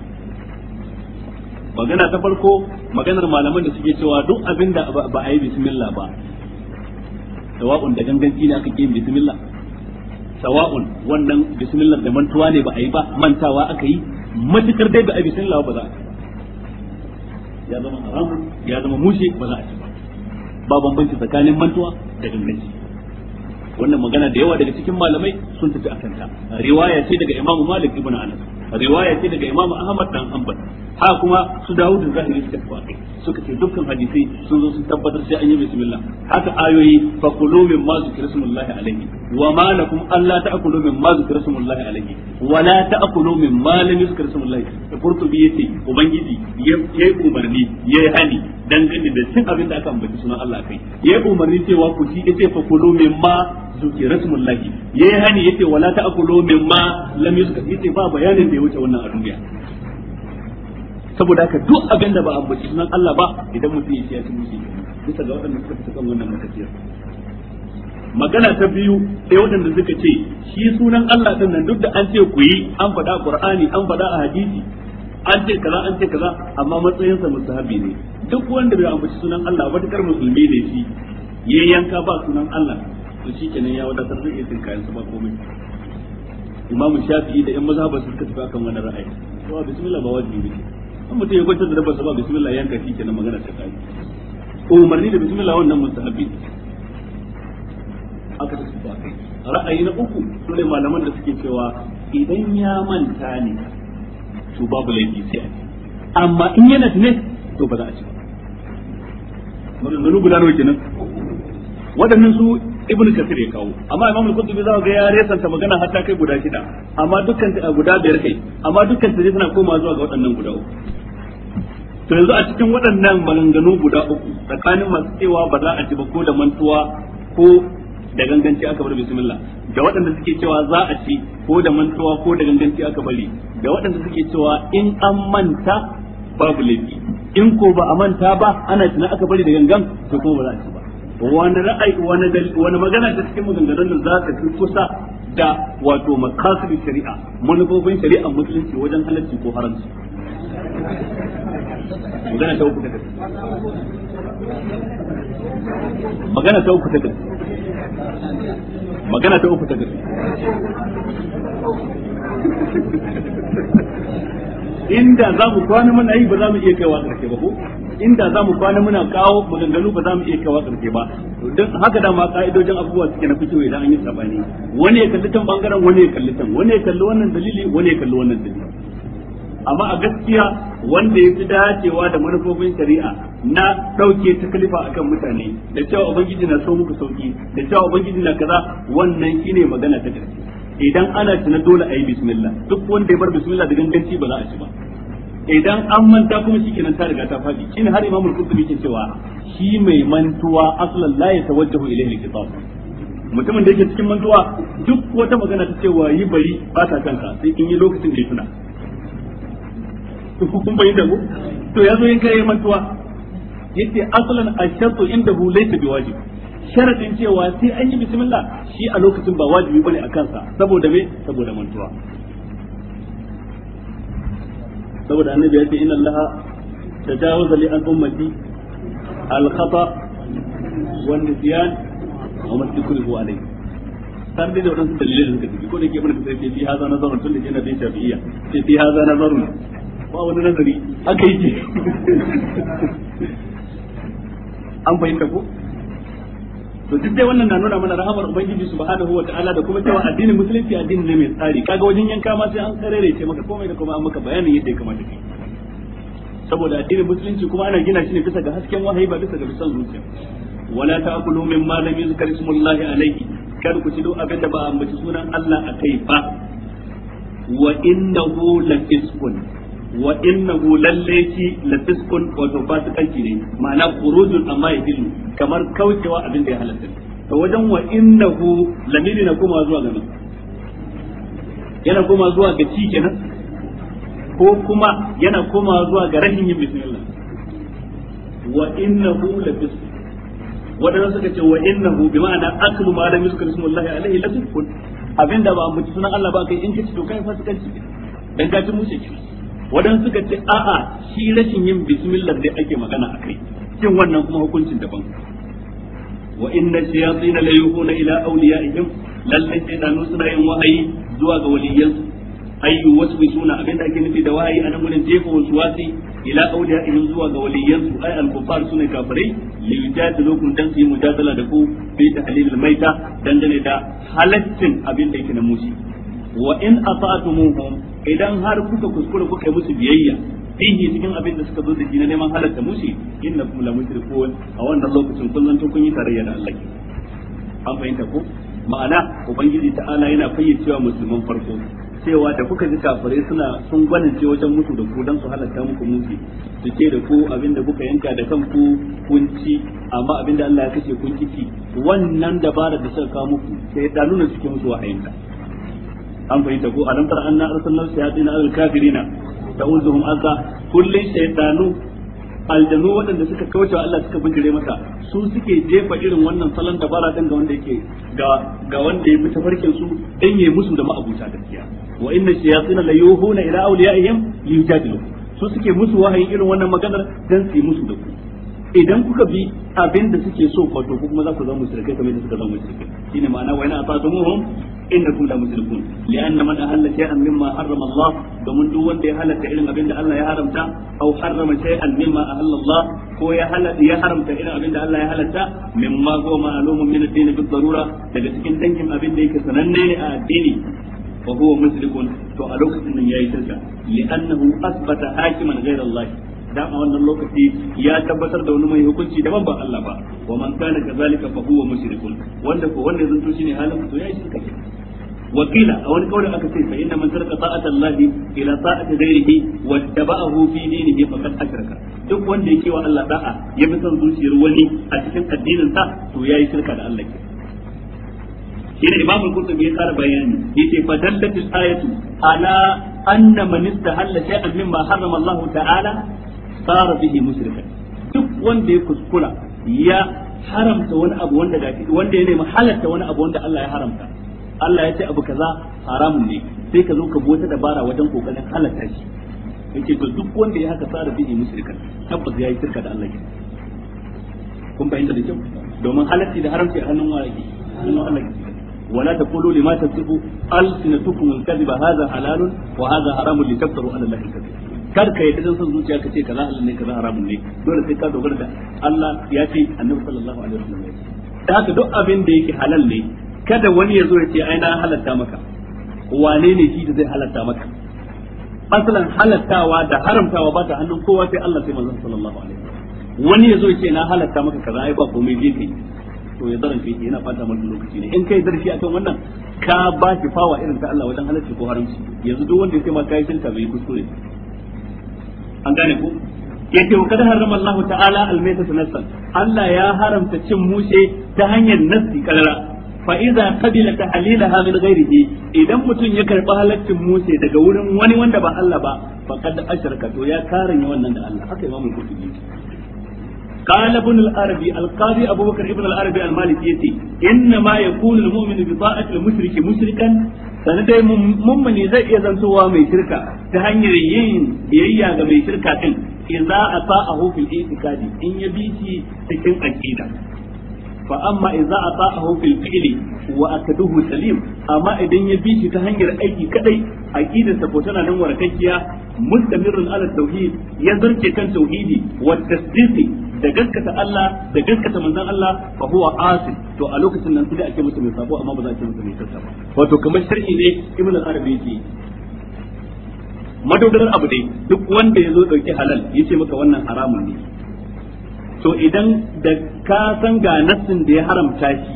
magana ta farko maganar malaman da suke cewa duk abin da ba ai bismillah ba sawa'un da ganganci ne aka yin bismillah sawa'un wannan bismillah da mantuwa ne ba a yi ba mantawa aka yi matukar dai ba a bismillah ba za a ya zama haramu ya zama mushe ba za a ci ba ba bambanci tsakanin mantuwa da ganganci wannan magana da yawa daga cikin malamai sun tafi akan ta riwaya ce daga Imam Malik ibn Anas riwaya ce daga Imam Ahmad dan Hanbal ha kuma su Dawud da Zahiri suka tafi akai suka ce dukkan hadisai sun zo sun tabbatar sai an yi bismillah haka ayoyi fa kulu min ma zikra smullahi alayhi wa ma lakum alla ta'kulu min ma zikra smullahi alayhi wa la ta'kulu min ma lam yuzkar furtu bi yati ubangiji yayi umarni yayi hani dangane da cin abin da aka ambaci sunan Allah kai yayi umarni cewa ku ci yace fa kulu min ma zikra ya yayi hani yace wala ta'kulu min ma lam yuzkar ba bayanin da ya wuce wannan a duniya saboda haka duk abin da ba a bace sunan Allah ba idan mutum ya ciya musu bisa ga waɗanda suka fita kan wannan matafiyar magana ta biyu sai waɗanda suka ce shi sunan Allah din nan duk da an ce ku yi an faɗa Qur'ani an faɗa a hadisi an ce kaza an ce kaza amma matsayinsa musahabi ne duk wanda bai ambaci sunan Allah ba dukkan musulmi ne shi yayin yanka ba sunan Allah to shikenan ya wadatar da ya kayan su ba komai imamu shafi'i da yan mazhabar suka tafi akan wannan ra'ayi to bismillah ba wajibi ne in mutum ya kwantar da dabbar sa ba bismillah yanka shi kenan magana ta kai umarni da bismillah wannan mustahabi aka ta ba ra'ayi na uku sune malaman da suke cewa idan ya manta ne to babu laifi sai amma in yana ne to ba za a ci ba maganganu guda nawa kenan waɗannan su ibnu kasir ya kawo amma imam al-qurtubi za ga ya resanta magana har ta kai guda shida amma dukkan guda biyar kai amma dukkan su suna koma zuwa ga waɗannan guda uku to yanzu a cikin waɗannan maganganu guda uku tsakanin masu cewa ba za a ci ba ko da mantuwa ko da ganganci aka bar bismillah da waɗanda suke cewa za a ci ko da mantuwa ko da ganganci aka bari da waɗanda suke cewa in an manta babu laifi in ko ba a manta ba ana tuna aka bari da gangan to kuma ba za a ci ba wani ra'ayi wani wani magana ta cikin maganganun da za ta fi kusa da wato makasiri shari'a manufofin shari'a musulunci wajen halarci ko haramci
magana ta uku ta gaske magana ta uku ta gaske magana ta
uku ta gaske inda za mu kwana muna yi ba za mu iya kaiwa karshe ba ko inda za mu kwana muna kawo maganganu ba za mu iya kaiwa karshe ba don haka dama ka'idojin abubuwa suke na fitowa idan an yi sabani wani ya kalli can bangaren wani ya kalli can wani ya kalli wannan dalili wani ya kalli wannan dalili amma a gaskiya wanda ya fi dacewa da manufofin shari'a na ɗauke ta kalifa akan mutane da cewa ubangiji na so muku sauki da cewa ubangiji na kaza wannan shine magana ta gaskiya idan ana ci na dole a yi bismillah duk wanda ya bar bismillah da ganganci ba za a ci ba idan an manta kuma shi kenan ta riga ta faɗi shi ne har imamul qurtubi ke cewa shi mai mantuwa aslan la tawajjahu ilayhi al-kitab mutumin da yake cikin mantuwa duk wata magana ta cewa yi bari ba ta kanka sai in yi lokacin da ya tuna [LAUGHS] kun bayin da to ya zo yin kai mantuwa yace aslan ashatu indahu laysa biwajib sharadin cewa sai an yi bismillah shi a lokacin ba wajibi bane a kansa saboda me saboda mantuwa saboda annabi ya ce inna allaha tajawaza li an ummati al khata wa nisyan wa ma tukrihu alayhi san da wadansu dalilai da suka ciki ko da ke mana sai fi haza nazarun tun da ke na bin shafi'iyya sai fi haza nazarun ba wani nazari aka yi an fahimta ko to duk dai wannan na nuna mana rahamar ubangiji subhanahu wa ta'ala da kuma cewa addinin musulunci addini ne mai tsari kaga wajen yanka ma sai an karere ce maka komai da kuma an maka bayanin yadda ya kamata kai saboda addinin musulunci kuma ana gina shi ne bisa ga hasken wahayi ba bisa ga bisan zuciya wala ta'kulu mimma lam yuzkar ismullahi alayhi kar ku ci duk abin da ba ambaci sunan Allah akai ba wa innahu lafiskun wa inna hu shi la fiskun wato fasikanci ne ma'ana khurujun amma ya kamar kaucewa abin da ya halatta to wajen wa hu lamiri na kuma zuwa ga yana kuma zuwa ga ci kenan ko kuma yana kuma zuwa ga rahin yin bismillah wa hu la fiskun wadanda suka ce wa hu bi ma'ana aklu ma lam yuskar ismullahi alaihi la fiskun abinda ba ambaci sunan Allah ba kai in kici to kai fasikanci dan ka ci mushe kenan wadan suka ce a'a shi rashin yin bismillah dai ake magana a kai. kin wannan kuma hukuncin daban wa inna shayatin la yuhuna ila awliyaihim lallai shaytanu suna yin wa'ayi zuwa ga waliyan ayyu waswisuna da ake nufi da wa'ayi anan gurin jefa waswasi ila awliyaihim zuwa ga waliyan su ay al-kuffar sune kafirai li yujadilukum dan su yi mujadala da ku bi tahlilil maita dangane da halaccin abinda yake na mushi wa in ata'tumuhum idan har kuka kuskura kuka yi musu biyayya fihi cikin abin da suka zo da shi na neman halatta mushi inna kuma la mushrikun a wannan lokacin kun zanto kun yi tarayya da Allah an fahimta ko ma'ana ubangiji ta'ala yana fayyacewa musulman farko cewa da kuka ji kafare suna sun ce wajen mutu da ku dan su halatta muku musu su ce da ku abin da kuka yanka da kanku kun ci amma abin da Allah ya kace kun ci wannan dabara da suka kawo muku sai da nuna cikin musu wa'ayinka an fahimta ko alam tara anna arsalna shayatin al kafirina ta'uzuhum aka kullu shaytanu aljanu wadanda suka kauce wa Allah suka bijire masa su suke jefa irin wannan salon dabara din ga wanda yake ga ga wanda yake fita farkin su dan yayi musu da ma'abuta gaskiya wa inna shayatin la yuhuna ila awliyaihim yujadilu su suke musu wahayi irin wannan maganar dan su yi musu da ku idan kuka bi abin da suke so wato ko kuma za ku zama mushrikai kamar da suka zama mushrikai shine ma'ana wa ina atadumuhum innakum la mushrikun li'anna man ahalla shay'an mimma harrama Allah domin duk wanda ya halatta irin abin da Allah ya haramta aw harrama shay'an mimma ahalla Allah ko ya halatta ya haramta irin abin da Allah ya halatta mimma go ma'lumun min ad-din bi darura daga cikin dangin abin da yake sananne a addini wa huwa mushrikun to a lokacin nan yayi shirka li'annahu asbata hakiman ghayra Allah da a wannan lokaci ya tabbatar da wani mai hukunci daban ba Allah ba wa man kana kazalika fa huwa mushrikun wanda ko wanda zanto shine halin to ya shirka وقيل او القول الاكثر فان من ترك طاعه الله الى طاعه غيره واتبعه في دينه فقد اشرك duk wanda yake wa Allah da'a ya bi son zuciyar wani a cikin addinin sa to yayi shirka da Allah kina imam al-qurtubi ya kara bayani yace fa dallatul ayatu ala anna man istahalla ta'ala sara bihi mushrikan duk wanda ya kuskura ya haramta wani abu wanda wanda ya nemi halatta wani abu wanda Allah ya haramta Allah ya ce abu kaza haramun ne sai ka zo ka bota dabara wajen kokarin halatta shi yake to duk wanda ya haka sara bihi mushrikan tabbas yi shirka da Allah ke kun bayyana da kyau domin halatti da haramci a hannun wa yake hannun Allah ke ولا تقولوا لما تصفوا ألسنتكم الكذب هذا حلال وهذا حرام لتفتروا على الله الكذب kar ka yadda san zuciya ka ce kaza Allah ne kaza haramun ne dole sai ka dogara da Allah ya ce Annabi sallallahu alaihi wasallam ya ce da haka duk abin da yake halal ne kada wani ya zo ya ce ai na halatta maka wane ne shi da zai halatta maka asalan halattawa da haramtawa ba ta hannun kowa sai Allah sai manzon sallallahu alaihi wasallam wani ya zo ya ce na halatta maka kaza ai ba komai je kai to ya zaran kai yana fata mun lokaci ne in kai zarfi akan wannan ka ba ki fawa irin ta Allah wajen halarci ko haramci yanzu duk wanda ya ce ma kai shirka bai kuskure an gane ku yace wa kada harrama Allah ta'ala al-maytata Allah ya haramta cin mushe ta hanyar nassi kalara fa idza qabila tahlilaha min ghairihi idan mutum ya karba halaccin mushe daga wurin wani wanda ba Allah ba faqad asharka to ya karanya wannan da Allah haka imamu kutubi قال ابن العربي القاضي ابو بكر ابن العربي المالكي يتي انما يكون المؤمن بطاعه المشرك مشركا sannan dai mummuni zai iya zantowa mai shirka ta hanyar yin biyayya ga mai shirka din idza ata'ahu fil i'tiqadi in ya bi shi cikin aqida fa amma sa a fil fi'li wa akaduhu salim amma idan ya bi shi ta hanyar aiki kadai aqidar sa ko tana nan warakakkiya mustamirrun ala tauhid ya zarce kan tauhidi wa tasdiqi da gaskata Allah da gaskata manzon Allah fa huwa asil to a lokacin nan sai ake mutum mai sabo amma ba za a ce masa ba wato kamar sharhi ne ibn al-arabi yake madogarar abu dai duk wanda ya zo dauki halal yace maka wannan haramun ne to idan da ka san ga nassin da ya haramta shi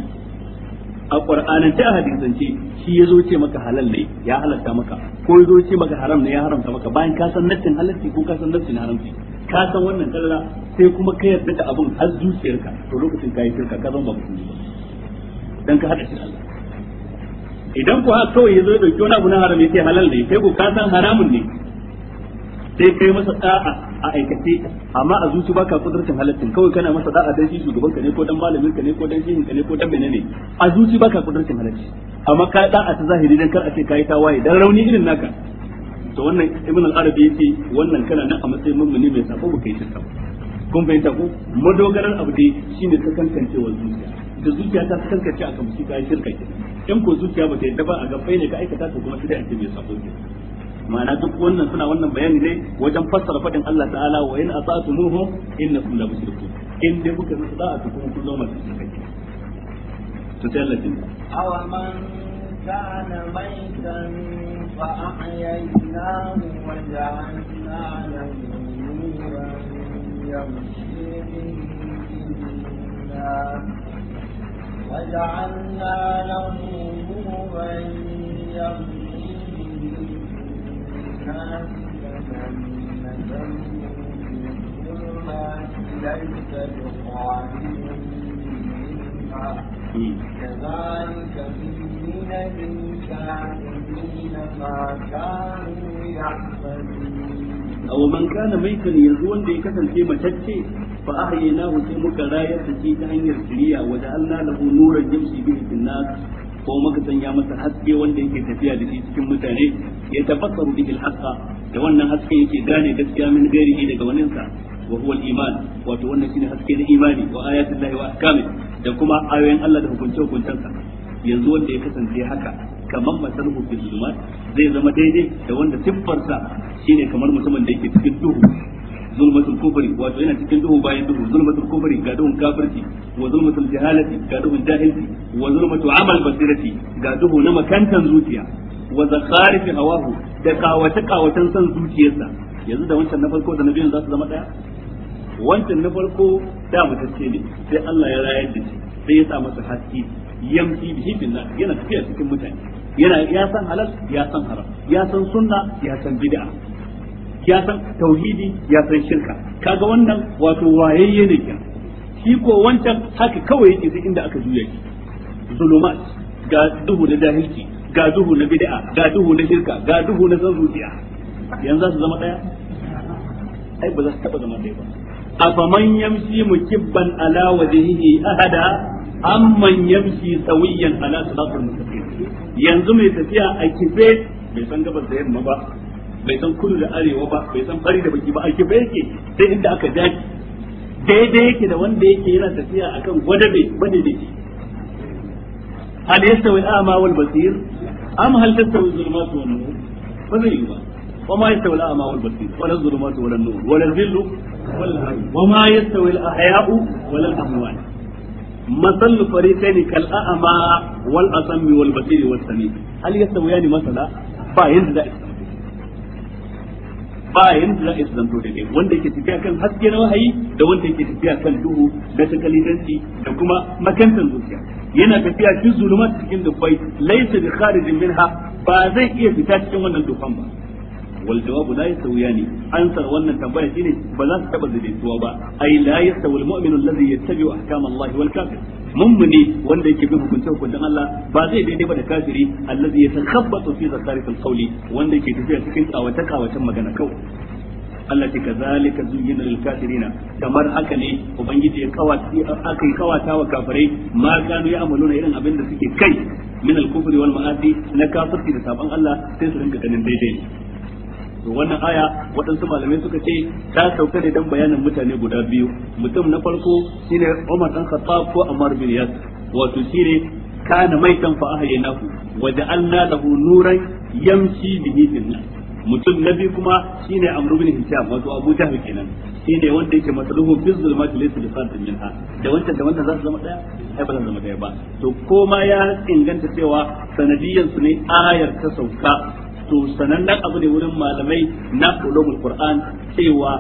a qur'anance a hadisance shi ya zo ce maka halal ne ya halalta maka ko ya zo ce maka haram ne ya haramta maka bayan ka san nassin halalci ko ka san nassin haramci ka san wannan kalla sai kuma ka yarda da abin har zuciyarka to lokacin ka yi shirka ka zama ba musulmi dan ka hada shi Allah idan ko haka kawai yazo ya dauki wani abu na haram yake halal ne sai ko ka san haramun ne sai kai masa da'a a aikace amma a zuci baka kudurcin halattin kawai kana masa da'a dan shi shugaban ka ne ko dan malamin ka ne ko dan shehin ka ne ko dan menene a zuci baka kudurcin halalci amma ka da'a ta zahiri dan kar a ce kai ta waye dan rauni irin naka to wannan ibn al-arabi yace wannan kana nan a matsayin mummuni mai safa ba kai shirka kun bai ko madogarar abu dai shine ta kankancewa zuciya da zuciya ta kankance akan shi kai shirka ke in ko zuciya ba ta yadda ba a gabbai ne ka aikata to kuma sai a ce mai safa ke ma'ana duk wannan suna wannan bayani ne wajen fassara fadin Allah ta'ala wa in asatumuhu innakum la mushrikun in dai kuka musu da'a to kuma kun zama masu shirka to sai
Allah ya كان ميتا فأحييناه وجعلنا له نورا يمشي به وجعلنا له نورا يمشي به الناس كمن ليس بقادر كذلك زين للكافرين ما
كانوا
يحسنون
أو من كان ميتا يزول لكسل في متجه فأحييناه في مكراية تجي تهنير سريع وجعلنا له نورا يمشي به في الناس ko muka sanya masa haske wanda yake tafiya da shi cikin mutane ya tabassaru bihi al da wannan haske yake gane gaskiya min gairi daga sa wa huwa al-iman wato wannan shine haske na imani wa ayatul lahi wa ahkamih da kuma ayoyin Allah da hukunce hukuncensa yanzu wanda ya kasance haka kamar masalhu fil zulumat zai zama daidai da wanda tiffarsa shine kamar mutumin da yake cikin duhu zulmatul kufri wato yana cikin duhu bayan duhu zulmatul kufri ga duhun kafirci wa zulmatul jahalati ga duhun jahilci wa zulmatul amal basirati ga duhu na makantan zuciya wa zakharifi hawahu da kawace kawacen san zuciyarsa yanzu da wancan na farko da na biyun za su zama daya wancan na farko da mutacce ne sai Allah ya rayar da shi sai ya sa masa haske yamsi bihi billah yana tafiya cikin mutane yana ya san halal ya san haram ya san sunna ya san bid'a ya san tauhidi ya san shirka kaga wannan wato wayayye ne kenan shi ko wancan haka kawai yake duk inda aka juya shi zulumat ga duhu na jahilci ga duhu na bid'a ga duhu na shirka ga duhu na san zuciya yanzu za su zama daya ai ba za su taba zama daya ba afaman yamshi mukibban ala wajhihi ahada amman yamshi sawiyan ala siratal mustaqim yanzu mai tafiya a kife bai san gabas da yamma ba bai san kudu da arewa ba bai san fari da baki ba a kife yake sai inda aka dace daidai yake da wanda yake yana tafiya akan gwadabe bane da ke hal yastawi al-a'ma wal basir am hal tastawi zulmatu wan nur fa zai yi ba wa ma yastawi al-a'ma wal basir wala zulmatu wala nur wala dhillu وما يستوي الأحياء ولا الأموات مثل الفريقين كالأعمى والأصم والبصير والسميع هل يستويان مثلا باين ذا bayan da za a zanto da kai wanda yake tafiya kan haske na wahayi da wanda yake tafiya kan duhu da takalidanci da kuma makantan zuciya yana tafiya cikin zulumat cikin dubbai laysa bi kharijin ba zai iya fita cikin wannan dubban ba wal jawabu la yastawiyani ansar wannan tambaya shine ba za su taba daidaituwa ba ai la yastawi al mu'minu alladhi yattabi'u ahkam Allah wal kafir mummuni wanda yake bin hukunce hukuncin Allah ba zai daidai ba da kafiri alladhi yatakhabbatu fi zakarif al qawli wanda yake a cikin tsawata kawatan magana kawai Allah ta kazalika zuyyina lil kafirina kamar haka ne ubangiji ya kawati aka kawata wa kafirai ma kanu ya amaluna irin abin da suke kai min al kufri wal ma'asi na kafirci da saban Allah sai su rinka ganin daidai to wannan aya waɗansu malamai suka ce ta sauka ne dan bayanin mutane guda biyu mutum na farko shine Umar dan Khattab ko Ammar bin Yas wato shine kana maitan fa ahyaynahu wa ja'alna lahu nuran yamshi bihi fil mutum na biyu kuma shine Amr bin hisham wato abu jahl kenan shine wanda yake masaluhu fi zulmati laysa bi sadin minha da wancan da wancan za su zama daya ai ba zama daya ba to koma ya inganta cewa sanadiyan su ne ayar ta sauka wato sanannen abu ne wurin malamai na ulumul qur'an cewa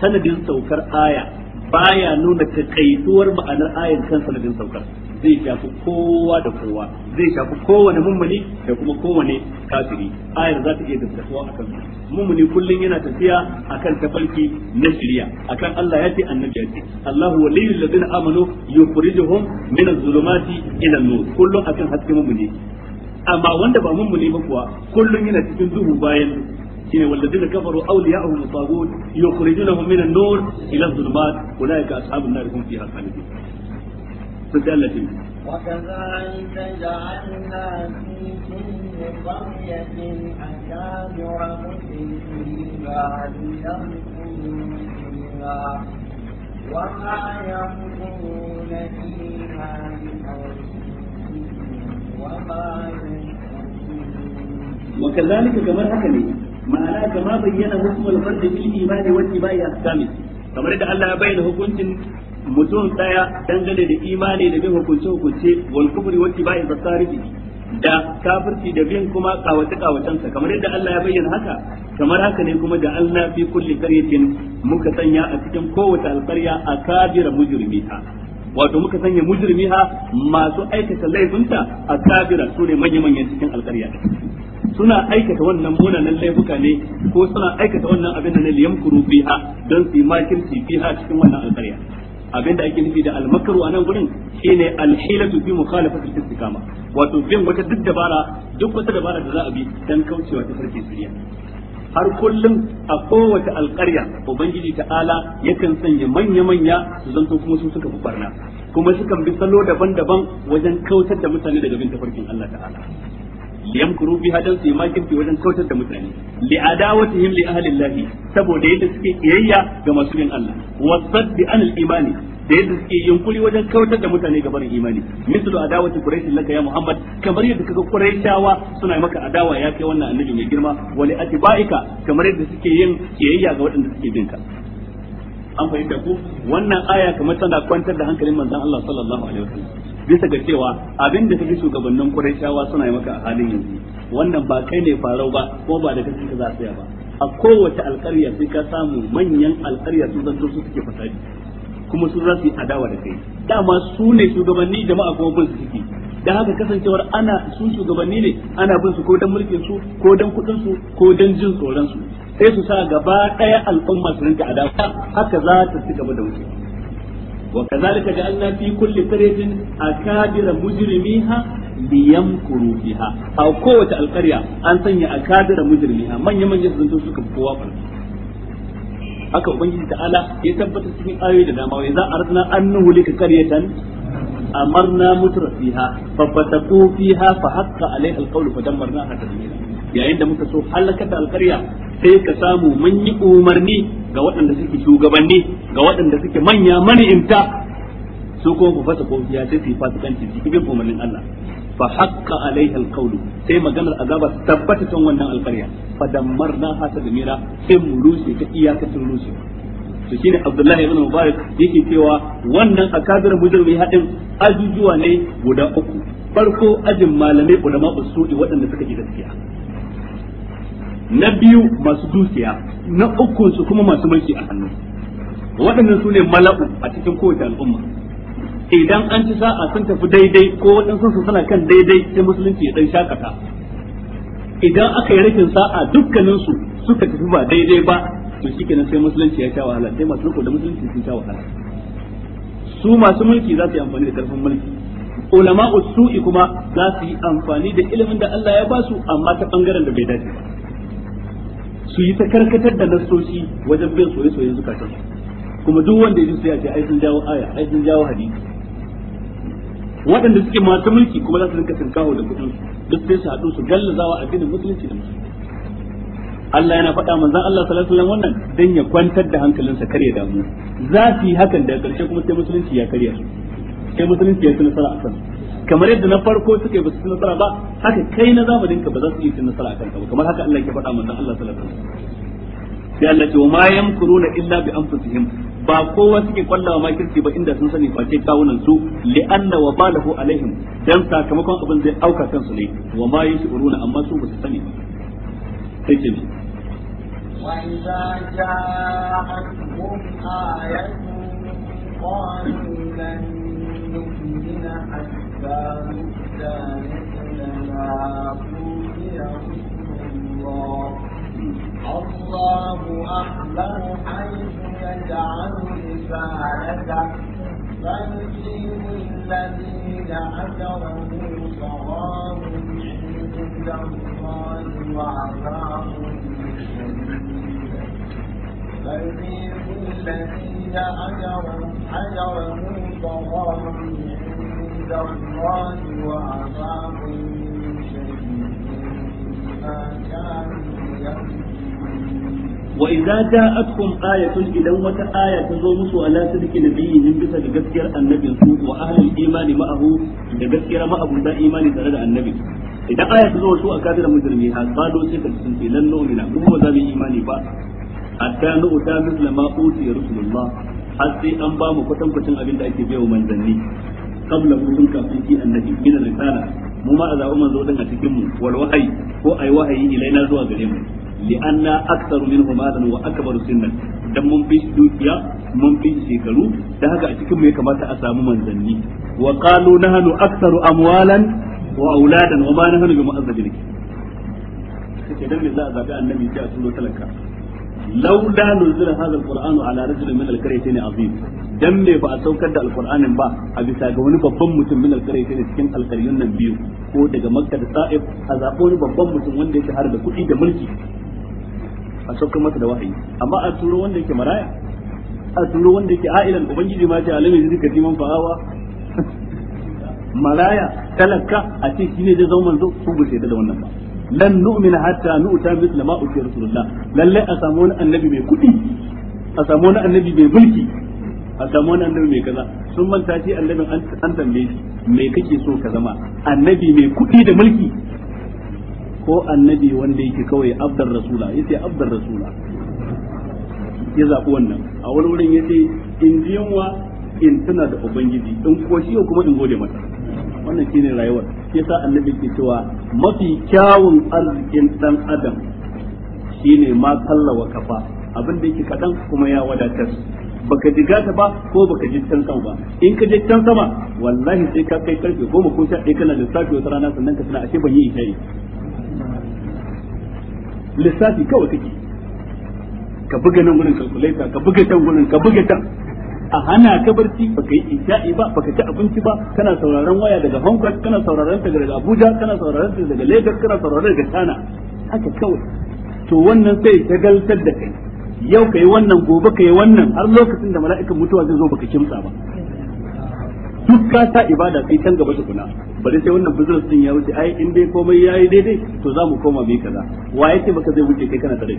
sanadin saukar aya baya nuna takaituwar ma'anar ayar kan sanadin saukar zai shafi kowa da kowa zai shafi kowane mummuni da kuma kowane kafiri ayar za ta iya daskatuwa a kan mummuni kullum yana tafiya akan tafarki na shirya akan Allah ya ce annabi ya ce Allahu waliyul ladina amanu yukhrijuhum min az-zulumati ila an-nur kullum akan hasken mummuni amma wanda ba ne ba kuwa kullun yana cikin duhu bayan shine walladina kafaru awliya'uhum tagut yukhrijunahum minan nur ila dhulumat ulaika ashabun nar hum fiha khalidun فدلتي
وكذلك جعلنا في كل قرية أكابر مسلميها ليمكروا فيها وما يمكرون فيها
وكذلك كما حكني ma'ana kama bayyana hukumar farda bil imani wa tibai ahkami kamar da Allah ya bayyana hukuncin mutum daya dangane da imani da bin hukunce hukunce wal kufri wa tibai tasarifi da kafirci da bin kuma kawace sa kamar yadda Allah ya bayyana haka kamar haka ne kuma da Allah fi kulli qaryatin muka sanya a cikin kowace alƙarya akabira mujrimita wato muka sanya ha masu aikata laifinta a kabira su ne manya-manyan cikin alƙarya suna aikata wannan munanan laifuka ne ko suna aikata wannan abin da ne liyamkuru biha don su yi su biha cikin wannan alƙarya abin da ake nufi da almakaru a nan gurin shine alhilatu fi mukhalafati istiqama wato bin wata duk dabara duk wata dabara da za a bi dan kaucewa ta farke suriya har kullum a kowace alƙarya ubangiji ta'ala yakan sanya manya-manya su zanto kuma su suka fi barna kuma sukan bi salo daban-daban wajen kautar da mutane daga bin tafarkin Allah ta'ala liyam kuru bi hadan su makin wajen kautar da mutane li adawatihim li ahli Allah saboda yadda suke kiyayya ga masu bin Allah wasaddi anil imani da yadda suke yunkuri wajen kautar da mutane ga barin imani a adawati quraish laka ya muhammad kamar yadda kaga quraishawa suna maka adawa ya kai wannan annabi mai girma wali atibaika kamar yadda suke yin kiyayya ga waɗanda suke bin ka an fahimta ku wannan aya kamar tana kwantar da hankalin manzon Allah sallallahu alaihi wasallam bisa ga cewa abin da kake shugabannin quraishawa suna maka a halin yanzu wannan ba kai ne farau ba ko ba da kake ka za ba a kowace alƙarya sai ka samu manyan alƙarya sun zanto su suke fasadi kuma su za adawa da kai dama su ne shugabanni jama'a kuma bin su suke dan haka kasancewar ana su shugabanni ne ana bin su ko dan mulkin su ko dan kudin su ko dan jin tsoron su sai su sa gaba daya al'umma su rinka adawa haka za ta ci gaba da wuce wa kazalika ja'alna fi kulli qaryatin akabira mujrimiha liyamkuru biha a kowace alqarya an sanya akabira mujrimiha manya manyan sun suka kowa farko haka ubangiji ta'ala ya tabbatar cikin ayoyi da dama za a rana an nuhlika qaryatan amarna mutra fiha fa fataqu fiha fa haqqa alayha alqawlu fa dammarnaha tadmira yayin da muka so halakar da alqarya sai ka samu mun yi umarni ga waɗanda suke shugabanni ga waɗanda suke manya mani'inta su kuma ku ko kofiya sai su yi fasikanci su bin umarnin Allah fa haqqa alaiha alqawlu sai maganar azaba tabbata tun wannan alqarya fadammarna hasa da mira sai mu rushe ta iyakacin rushe to shine Abdullahi ibn Mubarak yake cewa wannan akadar mujrimi hadin ajujuwa ne guda uku farko ajin malamai ulama usuli waɗanda suka ji gaskiya na biyu masu dukiya na uku su kuma masu mulki a hannu waɗannan sune ne mala'u a cikin kowace al'umma idan an ci sa'a sun tafi daidai ko waɗansu su suna kan daidai sai musulunci ya dan shakata idan aka yi rashin sa'a dukkanin su suka tafi ba daidai ba to shikenan sai musulunci ya sha wahala sai masu da musulunci sun sha wahala su masu mulki za su yi amfani da karfin mulki ulama su'i kuma za su yi amfani da ilimin da Allah ya ba su amma ta bangaren da bai dace ba su yi ta karkatar da nasoshi wajen bin soye-soyen zukatan kuma duk wanda ya ji sai a ce ai sun jawo aya ai jawo hadisi waɗanda suke masu mulki kuma za su rinka tinkaho da kudin duk sai su haɗu su gallazawa addinin musulunci da musulunci Allah yana faɗa manzon Allah sallallahu alaihi wasallam wannan dan ya kwantar da hankalinsa kare damu za su yi hakan daga ƙarshe kuma sai musulunci ya karya sai musulunci ya ci nasara a kan. kamar yadda na farko suke ba su ci nasara ba haka kai na zamanin ka ba za su yi ci nasara a kan ba kamar haka Allah ya faɗa manzon Allah sallallahu alaihi wasallam sai Allah ce wa ma yamkuruna illa bi anfusihim ba kowa suke kwallawa kirki ba inda sun sani face kawunan su li'anna wa balahu alaihim dan sakamakon abin zai auka kansu ne wa ma yashuruna amma su ba su sani ba sai ce
وإذا فهلك فنجيب الذين أجرموا صواب عند الله وعذاب فنجيب الذين أجرموا صواب عند الله وعذاب شديد ما كانوا
يكذبون
wa idza ja'atkum ayatun idan wata aya ta zo musu ala sidqi nabiyyin bisa ga gaskiyar annabin su wa ahlul da gaskiyar ma'abu da imani tare da annabi idan aya ta zo wasu a kafirin mujrimi ha qalu sai ka sun ce lan nu'mina kuma ba za mu imani ba hatta nu'ta misla ma utiya rasulullah har sai an ba mu kwatankwacin abin da ake biya wa manzanni qabla kullum kafin ki annabi min mu ma a zaɓi a cikin mu wal wahayi ko ai zuwa gare mu li'anna aktsaru minhum malan wa akbaru sinnan dan mun fi dukiya mun fi shekaru da haka a cikin mu ya kamata a samu manzanni wa qalu nahnu aktsaru amwalan wa auladan wa ma nahnu bimu'azzabin kace dan me za a zabi annabi sai a turo talaka laula nuzila hadha alqur'anu ala rajulin min alqaryatayn azim dan me ba a saukar da alqur'anin ba a bisa ga wani babban mutum min cikin biyu ko daga a zabo wani babban mutum wanda yake har da kuɗi da mulki a saukar masa da wahayi amma a turo wanda yake maraya a turo wanda yake ailan ubangiji ma ce a lalace ka timan fa'awa [LAUGHS] maraya talaka a ce shine zai zama manzo su ba sai da wannan ba lan nu'mina hatta nu'ta mithla ma utiya rasulullah lalle a samu wani annabi mai kudi a samu wani annabi mai mulki a samu wani annabi mai kaza sun manta shi annabin an tambaye shi me kake so ka zama annabi mai kudi da mulki ko annabi wanda yake kawai abdar rasula yace abdar rasula ya zaɓi wannan a wani wurin yace in ji in tana da ubangiji in koshi kuma in gode mata wannan shine rayuwar yasa annabi ke cewa mafi kyawun arzikin dan adam shine ma kallawa kafa abin da yake kadan kuma ya wadatar baka diga ta ba ko baka ji can sama ba in ka je can sama wallahi sai ka kai karfe goma ko sha ɗaya kana lissafi wata rana sannan ka tana ashe ban yi isha'i lissafi kawai kake ka buga nan gurin calculator ka buga can gurin ka buga can a hana ka barci baka yi isha'i ba baka ci abinci ba kana sauraron waya daga Hong Kong kana sauraron ta daga Abuja kana sauraron ta daga Lagos kana sauraron daga Tana haka kawai to wannan sai ta galtar da kai yau kai wannan gobe kai wannan har lokacin da mala'ikan mutuwa zai zo baka kimsa ba duk ka sa ibada sai can gaba tukuna bari sai wannan business din ya wuce ai in dai komai yayi daidai to za mu koma bi kaza wa yake baka zai wuce kai kana tare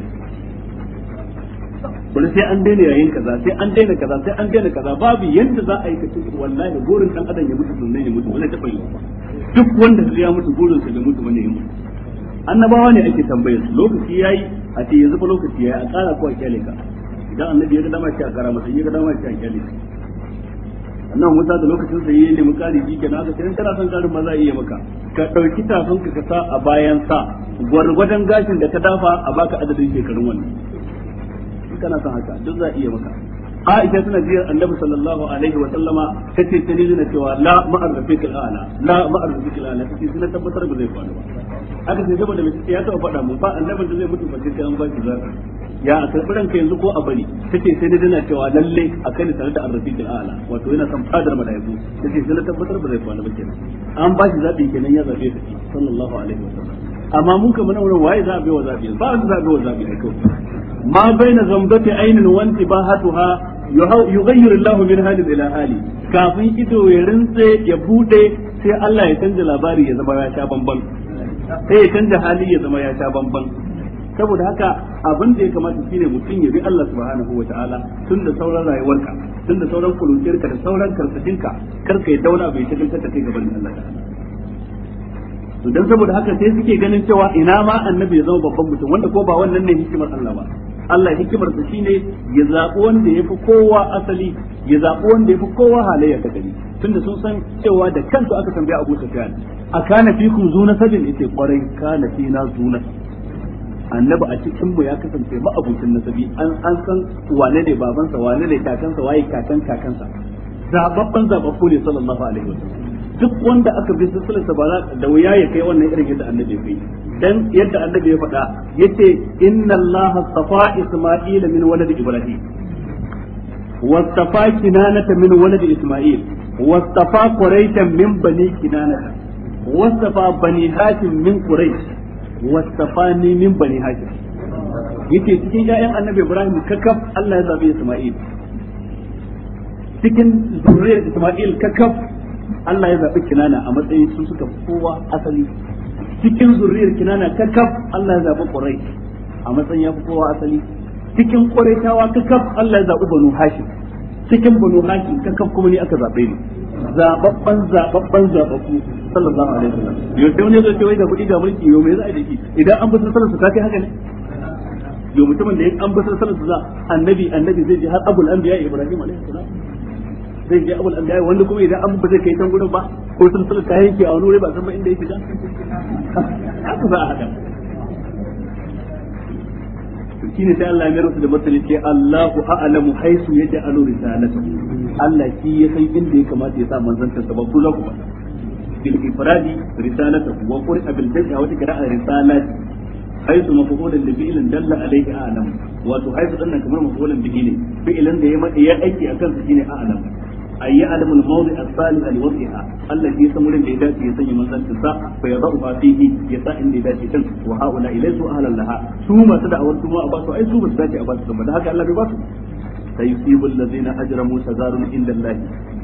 bari sai an daina yayin kaza sai an daina kaza sai an daina kaza babu yanda za a yi ka tuku wallahi gurin dan adam ya mutu sunan ya mutu wala ta bayyana duk wanda ya mutu gurin sa ya mutu wani ya mutu annabawa ne ake tambayar su lokaci yayi a ce yanzu fa lokaci yayi a kara ko a kyale ka idan annabi ya ga dama shi a kara masa ya ga dama shi a kyale ka nan wuta da lokacin sa yayi nemi kari ji kenan aka sai kana son karin ma za iya maka ka dauki tafin ka sa a bayan sa gwargwadon gashin da ka dafa a baka adadin shekarun wannan in kana son haka duk za a iya maka Aisha tana jiya Annabi sallallahu alaihi wa sallama tace ta nuna cewa la ma'arrafi ala la ma'arrafi ala tace sun tabbatar ba zai faru ba aka ce saboda mai ya taba faɗa mu ba Annabi da zai mutu ba sai an ba shi zaka ya a karɓi ranka yanzu ko a bari ta ce sai na dana cewa lalle a kai ni tare da arrafiq ala wato yana son fadar malaiku ta ce sai na tabbatar ba zai kwana ba kenan an ba shi zaɓi kenan ya zaɓe ta sallallahu alaihi wa sallam amma mun kamar nan wurin waye zaɓe wa zaɓe ba su zaɓe wa zaɓe ai kawai ma baina zamdati ainin wanti ba hatuha yughayyiru Allahu min halin ila hali kafin ido ya rintse ya bude sai Allah ya canza labari ya zama ya sha bamban sai ya canza hali ya zama ya sha bamban saboda haka abin da ya kamata shine mutum ya bi Allah subhanahu ta'ala, tun da sauran rayuwarka tun da sauran kuruciyarka da sauran karsatinka kar ka yi dauna bai ta ganta kai gaban Allah to dan saboda haka sai suke ganin cewa ina ma annabi ya zama babban mutum wanda ko ba wannan ne hikimar Allah ba Allah hikimar sa shine ya zabi wanda yafi kowa asali ya zabi wanda yafi kowa halayya ta gari tunda sun san cewa da kansu aka tambaya Abu Sufyan akana fikum zuna sabin ite kwarai kana fi na zuna annabi a cikin mu ya kasance ma'abucin nasabi an an san wane ne babansa wane ne kakansa waye kakan kakansa zababban zababbu ne sallallahu alaihi wasallam duk wanda aka bi silsilarsa ba za da wuya ya kai wannan irin yadda annabi kai dan yadda annabi ya faɗa yace inna allaha safa Isma'il min walad ibrahim واصطفى كنانة من ولد Isma'il. Wastafa قريشا min bani kinanata. Wastafa bani هاشم min قريش wasafani min bani hajar yake cikin 'ya'yan annabi ibrahim kakaf Allah ya zaɓi isma'il cikin zuriyar isma'il kakaf Allah ya zabi kinana a matsayin su suka kowa asali cikin zuriyar kinana kakaf Allah ya zabi quraish a matsayin ya fi kowa asali cikin quraishawa kakaf Allah ya zabi banu hashim cikin banu hashim kakaf kuma ne aka zabe ne zababban zababban zababbu sallallahu alaihi wasallam yau wani zai ce wai da kuɗi da mulki yau me za a yi idan an fasar sallar su ta kai haka ne yau mutumin da ya an fasar sallar su za annabi annabi zai je har abul anbiya ibrahim alaihi salam zai je abul anbiya wanda kuma idan an ba zai kai can gurin ba ko sun sallar ta yanke a wani wuri ba san ba inda yake da haka za a haka Kini shine sai Allah ya mayar da martani ce Allahu a'lamu haisu yaj'alu risalatahu Allah shi ya san inda ya kamata ya sa manzantar sa ba ku za ba bil ifradi risalata wa qur'a bil bid'a wa tikra'a risalati haythu mafhulan li fi'lin dalla alayhi a'lam wato haythu dinnan kamar mafhulan bihi ne fi'lan da ya ya aiki akan su shine a'lam أي يعلم الموضع الصالح لوضعها التي يسمون بذاته يسمي من ذات su فيضعها فيه a لذاته وهؤلاء ليسوا أهلا لها ثم تدعوا ثم أباسوا أي ثم تدعوا أباسوا ثم ذهك ألا بباسوا sayusibul ladzina ajramu sadarun inda Allah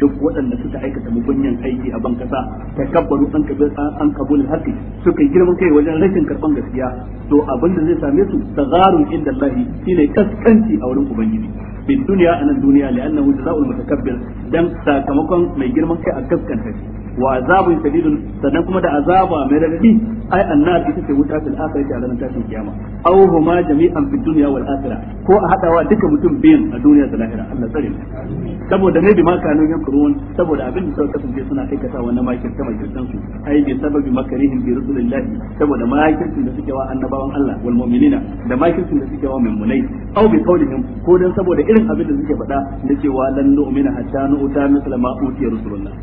duk waɗanda suka aikata mugunyan aiki a ban kasa takabbaru an kabir an kabul haqqi suka girman kai wajen rashin karban gaskiya to abin da zai same su sadarun inda Allah shine kaskanci a wurin ubangiji bid dunya anan duniya li'annahu jazaa'ul mutakabbir dan sakamakon mai girman kai a kaskanta shi wa azabun shadidun sannan kuma da azaba mai radadi ai annar ita ce wuta fil akhirati a ranar tashin kiyama aw huma jami'an fid dunya wal akhirah ko a hadawa duka mutum biyan a duniya da lahira Allah tsare mu saboda ne bi makanu yan kurun saboda abin da suka kasance suna aikata wannan makin ta majalisan su ai bi sababi makarihim bi rusulillahi saboda makircin da suke wa annabawan Allah wal mu'minina da makircin da suke wa mummunai aw bi qawlihim ko dan saboda irin abin da suke faɗa da cewa lan nu'mina hatta nu uta misla ma utiya rasulullah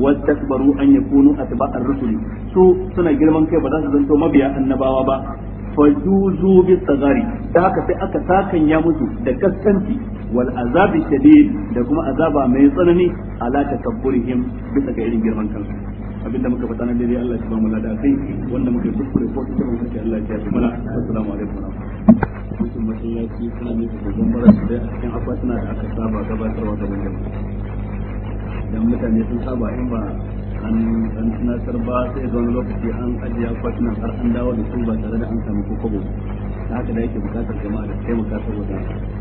wastakbaru an yakunu su suna girman kai ba za su zanto mabiya annabawa ba fajuzu bis sagari da haka sai aka sakanya musu da kaskanci wal azabi shadid da kuma azaba mai tsanani ala takabburihim bisa ga irin girman kansu abinda muka fata nan dai Allah ya ba mu lada kai wanda muka kuskure ko kuma muka ce Allah ya ji assalamu alaikum mutum masallaci suna mika gogon bara da da aka saba gabatarwa ga jama'a idan mutane sun saba in ba an an tunatar ba sai ga lokaci an ajiye kwatunan har an dawo da su ba tare da an samu ko kobo da haka da yake bukatar jama'a da taimaka saboda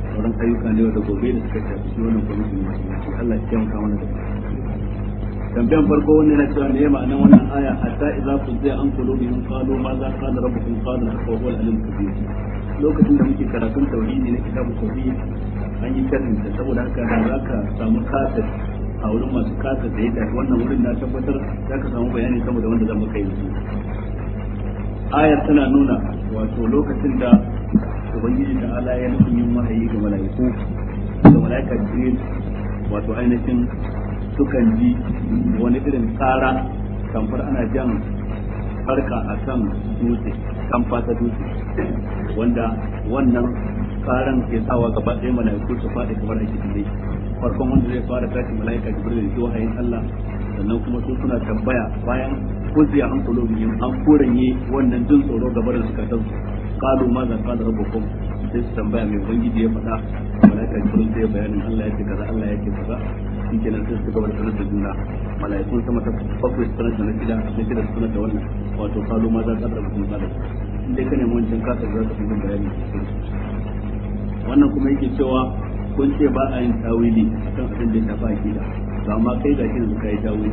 sauran ayyuka ne da gobe da suka shafi shi wannan kwamitin shi Allah ya taimaka mana da tambayan farko wannan na cewa ne ma'anar wannan aya hatta idza fuzza an qulubihim qalu ma za qala rabbukum qala huwa al-alim kabir lokacin da muke karatun tauhidi na kitabu tauhid an yi karin saboda haka da zaka samu kafir a wurin masu kasa da ya wannan wurin na tabbatar za ka samu bayani sama da wanda zan kai yanzu ayar tana nuna wato lokacin da ubangiji da ala ya nufin yin wahayi ga mala'iku da mala'ika wato ainihin sukan ji wani irin tsara kamfar ana jan farka a kan dutse kan fata dutse wanda wannan tsaran ke sawa gaba ɗaya mala'iku su faɗi kamar ake dai farkon wanda zai fara tashi mala'ika jibril da wahayin Allah sannan kuma su suna tambaya bayan kuziya an kulubihim an kuranye wannan jin tsoro ga barin suka su kalu ma zan qala rabbukum sai su tambaya mai ubangiji ya faɗa mala'ika jibril zai bayanin Allah yake kaza Allah yake kaza shi kenan sai su gaba da sanar da juna mala'ikun sama ta bakwai sanar da na shida na shida sanar da wannan wato kalu ma zan qala rabbukum qala indai kana mun jin kasar za su yi bayani wannan kuma yake cewa kun ce ba a yin tawili akan abin da ya a akida to amma kai ga kina suka yi tawili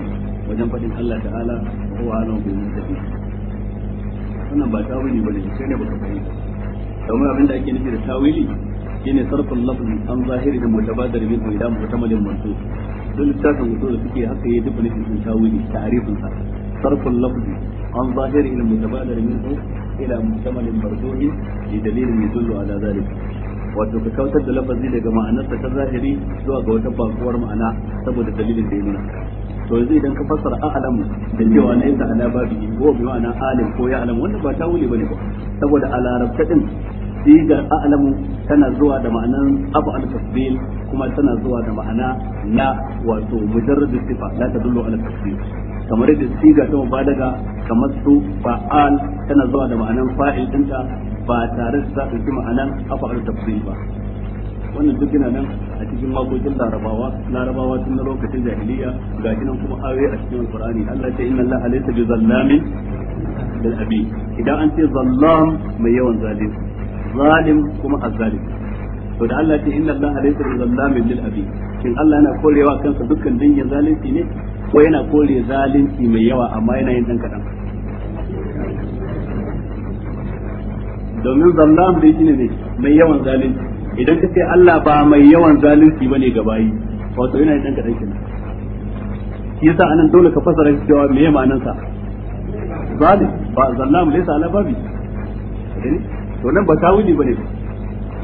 wajen faɗin Allah ta'ala ko wa alam bi tafi. wannan ba tawili bane sai ne baka fahimta domin abin da ake nufi da tawili shine sarfin lafzi an zahiri da mutabadar min ila mutamalin mansub duk littafin usul suke haka yayi duk nufin sun tawili ta'rifin sa sarfin lafzi an zahiri da mutabadar min ila mutamalin marjuhi li dalilin yadullu ala zalika wato ka kautar da lafazi daga ma'anarsa ta zahiri zuwa ga wata faruwar ma'ana saboda dalilin da ya nuna to yanzu idan ka fassara a'lam da cewa na yasa ala babi ko bi ma'ana alim ko ya alam wannan ba tawuli bane ba saboda a larabta din sigar a'lamu tana zuwa da ma'anar abu al-tasbil kuma tana zuwa da ma'ana na wato mujarrad sifa la tadullu ala tasbil kamar da siga ta mubalaga kamar su fa'al tana zuwa da ma'anar fa'il dinta ba tare da za ɗauki ma'anan afa'ar tafsir ba wannan duk yana nan a cikin makokin larabawa larabawa tun na lokacin jahiliya ga kinan kuma aure a cikin alqur'ani Allah ce inna Allah laysa bi zallamin lil abi idan an ce zallam mai yawan zalim zalim kuma azzalim to da Allah ce inna Allah laysa bi zallamin lil abi shin Allah yana korewa kansa dukkan dangin zalunci ne ko yana kore zalunci mai yawa amma yana yin dan kadan domin zallam dai shine ne mai yawan zalunci idan ka ce Allah ba mai yawan zalunci bane ga bayi wato yana yin kadan shi yasa anan dole ka fasara shi cewa me ma'anar sa zalim ba zallam sa ala babi to nan ba tawili bane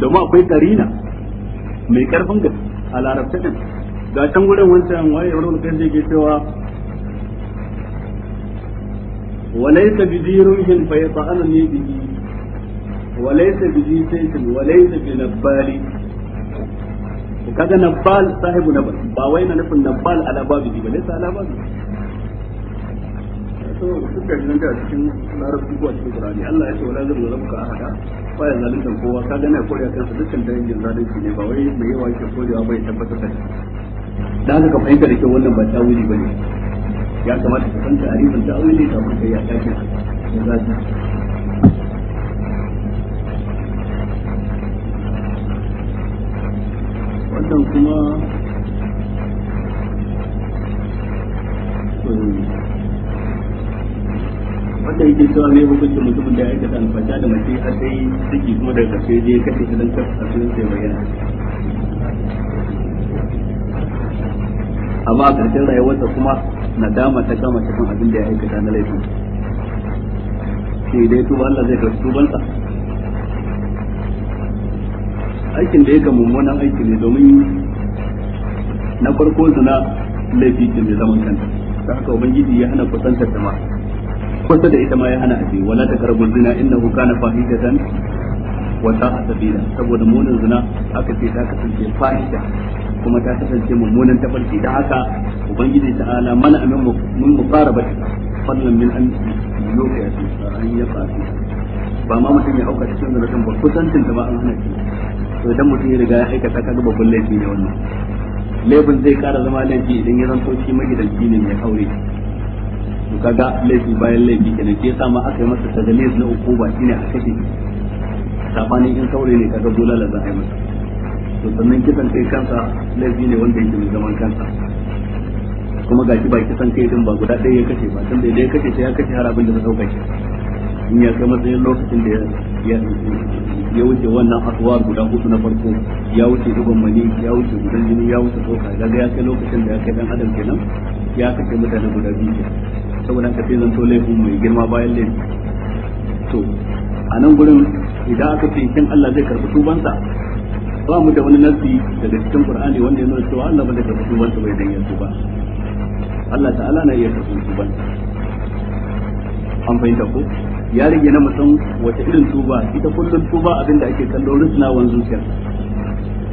domin akwai karina mai karfin gaske a larabta din ga can gurin wancan waye wani kan da yake cewa وليس بدير فيطعنني به وليس بذي سيف وليس بنبال kaga nabbal sahibu nabal ba wai na nufin nabbal ala babu ba laysa to suka cikin larabci ko cikin Allah ya ce wala zan zalama ka ahada ba ya kowa ka kaga na koriya kansa dukkan dangin zalunci ne ba wai mai yawa ke korewa bai tabbatar da dan da wannan ba tawili bane ya kamata ka san ta'arifin ta'awili kafin kai ya kace da zalunci wannan kuma wanda yake cewa ne hukuncin mutumin da ya aikata alfata da mace a sai ciki kuma daga ƙarshe je kashe ta don kafa asirin sai bayyana amma a ƙarshen rayuwarsa kuma nadama ta kama cikin abin da ya aikata na laifin sai dai tuba Allah zai karɓi tubansa aikin da yake mummunan aiki ne domin na farko zina laifi ce mai zaman kanta ta haka ubangiji ya hana kusantar ta ma kusa da ita ma ya hana aje wala ta karbul zina innahu kana fahishatan wa sa'a sabila saboda munin zina aka ce ta kasance fahisha kuma ta kasance mummunan tabarki da haka ubangiji ta'ala mana amin mun muqarabati fadlan min an yuqa an yaqa ba ma mutum ya auka cikin zarafin ba kusancin da ba an hana shi to idan mutum ya riga ya aikata kaga babban laifi ne wannan laifin zai kara zama laifi idan ya zanto shi magidanci ne mai aure to kaga laifi bayan laifi kenan ke yasa ma aka yi masa tajalis na uku ba shine a kashe sabanin in saurayi ne kaga bulala za a yi masa to sannan kisan kai kansa laifi ne wanda yake mai zaman kansa kuma ga shi ba kisan kai din ba guda ɗaya ya kashe ba tunda idan ya kashe sai ya kashe har abin da ta dauka shi in ya kai matsayin lokacin da ya biyar ya wuce wannan asuwar guda hudu na farko ya wuce dubban mani ya wuce gudan jini ya wuce tsoka daga ya kai lokacin da ya kai dan adam kenan ya kace mutane guda biyu saboda ka sai zanto laifin mai girma bayan laifin to a nan gurin idan aka ce kin Allah zai karɓi tubansa ba mu da wani nasi daga cikin Qur'ani wanda ya nuna cewa Allah ba zai karɓi tubansa bai dan yanzu ba Allah ta'ala na iya karɓi tubansa an fahimta ko ya rage na mutum wace irin tuba ita kullum tuba abin da ake kallo rusunawan zuciya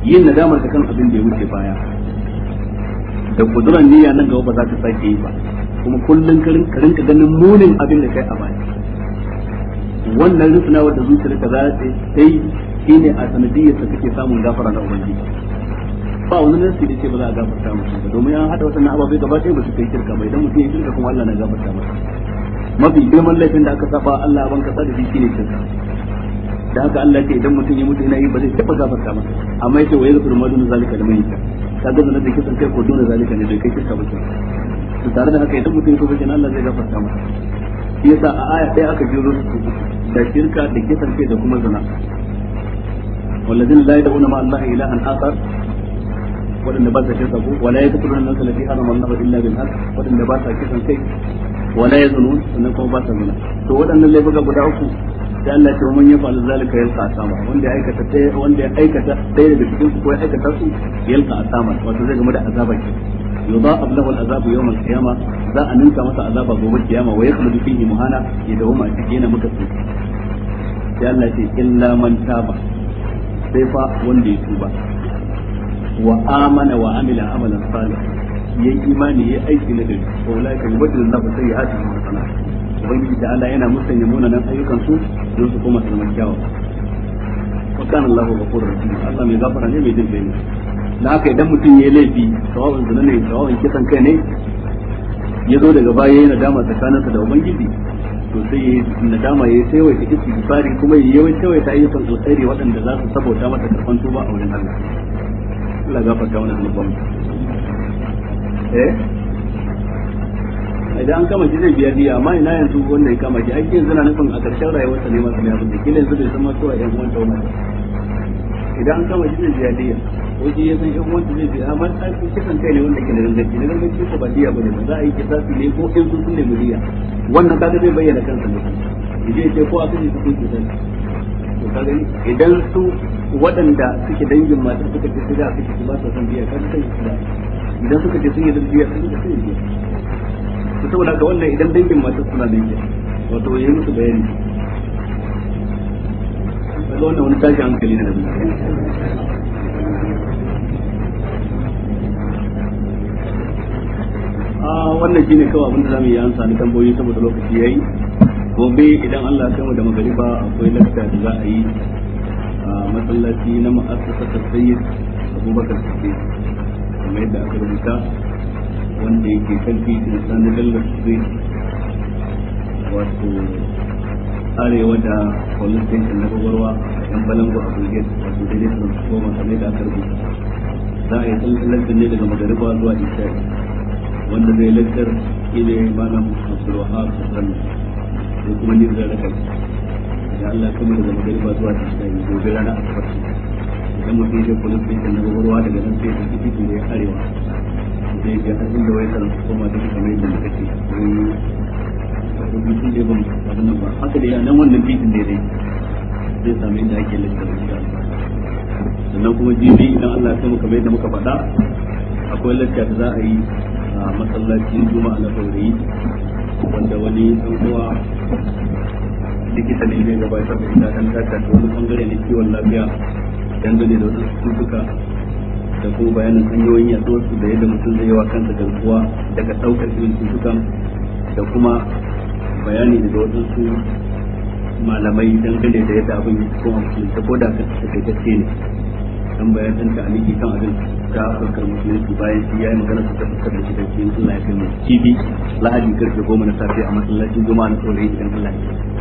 yin nadamar ta kan abin da ya wuce baya da kuduran niyya nan gaba ba za ta sake yi ba kuma kullum ka ganin munin abin da kai a baya wannan rusunawa da zuciyar ka za ta yi shine a sanadiyar ta kake samun gafara na ubangiji ba wani nasi da ce ba za a gafarta musu ba domin an haɗa wasannan ababai gaba ɗaya ba su kai kirka mai don mutum ya kirka kuma Allah na gafarta masa mafi girman laifin da aka saba Allah ban kasa da shi ne shirka da haka Allah ce idan mutum ya mutu yana yi ba zai taba gafarta masa amma yace wa yaghfiru ma dun zalika liman yasha kaga zan da kisan kai ko dun zalika ne da kai shirka ba to tare da haka idan mutum ya tuba kenan Allah zai gafarta masa shi yasa a aya ɗaya aka jiro su da shirka da kisan kai da kuma zina والذين لا يدعون مع الله إلها آخر waɗanda ba sa shirka ko wala ya kuturan nan salafi haram Allah illa bil haq waɗanda ba sa kisan kai wala yazunun sannan kuma ba sa zina to waɗannan laifuka guda uku da Allah ce mun yafa zalika yalqa asama wanda ya aikata sai wanda ya aikata sai daga cikin su ko ya aikata su yalqa asama wato zai gama da azaba ke yudha'ab lahu azabu yawm al-qiyama za a ninka masa azaba gobe kiyama wa yakhludu fihi muhana ya dawo ma cikin yana muka su sai Allah ce illa man taba sai fa wanda ya tuba wa amana wa amila amalan salih yi imani ya aiki na gari wa la ka yubaddilu Allahu sayyi'atihim hasanat ubangiji da Allah yana musanya munanan ayyukan su don su koma su kyawa wa kana Allahu ghafurur rahim Allah mai gafara ne mai jin na ne haka idan mutum ya laifi sawabin zina ne sawabin kisan kai ne ya zo daga baya yana dama tsakaninsa da ubangiji to sai ya yi dama ya sai wai take istighfari kuma ya yi sai wai ta yi san alkhairi waɗanda za su saboda mata karban tuba a wurin Allah Allah gafarta wannan zunubanmu Eh? idan an kama shi zai biya diya amma ina yanzu wanda ya kama shi ai yanzu na nufin a ƙarshen rayuwarsa ne masu abin da kila yanzu bai san masu wa ƴan uwan tauna idan an kama shi zai biya diya ko shi ya san ƴan uwan zai biya amma ta fi kisan kai ne wanda ke da gangaci na gangaci ko ba diya bane ba za a yi su ne ko in sun sun nemi wannan kaga zai bayyana kansa ne idan ce ko a kashe su kun kisasi to kaga idan su waɗanda suke dangin masu suka ce su da suke ba su san biya kaga kan su da idan suka ce sun yi dalbiya sun yi dalbiya su saboda ka wannan idan dangin matar suna da yake wato yi musu bayani kaga wannan wani tashi hankali na dabi a wannan shine kawai abinda zamu yi ansa na tamboyi saboda lokaci yayi gobe idan Allah ya kama da magariba akwai lakta da za a yi a masallaci na ma'asar sassan sayyid abubakar sassan kamar yadda aka rubuta wanda yake kan titin sani dallas zai wato arewa da police station na gwagwarwa a yan balango a brigade wato daidai su koma kamar yadda aka rubuta za a yi tsallantar ne daga magariba zuwa isa wanda zai lantar ile malam abdulwahab sassan ko kuma ni zai raka da Allah kuma daga magariba zuwa isa yi gobe rana a farko idan mutum ya kula sai kan ruwa daga nan sai ya tafi ne ya arewa sai ya da wai kan kuma da kuma yadda muka ce ko da ban abin nan ba haka da wannan da zai samu inda ake da kuma jibi idan Allah ya kai kamar yadda muka faɗa akwai lakka da za a yi a masallacin juma'a na saurayi wanda wani ɗan uwa likita ne zai gabatar da ita dan ta wani bangare na kiwon lafiya dangane da wasu cututtuka da kuma bayanin hanyoyin yaduwar su da yadda mutum zai wa kansa garkuwa daga ɗaukar irin cututtukan da kuma bayani daga waɗansu malamai dangane da yadda abin ya ko musulunci ko da ka kai ne an bayan ɗan ta'aliki kan abin ta afirkar musulunci bayan shi ya yi magana su ta fuskar da shi da shi Allah ya kai mu cibi lahadi karfe goma na safe a masallacin juma'a na tsorai idan Allah ya kai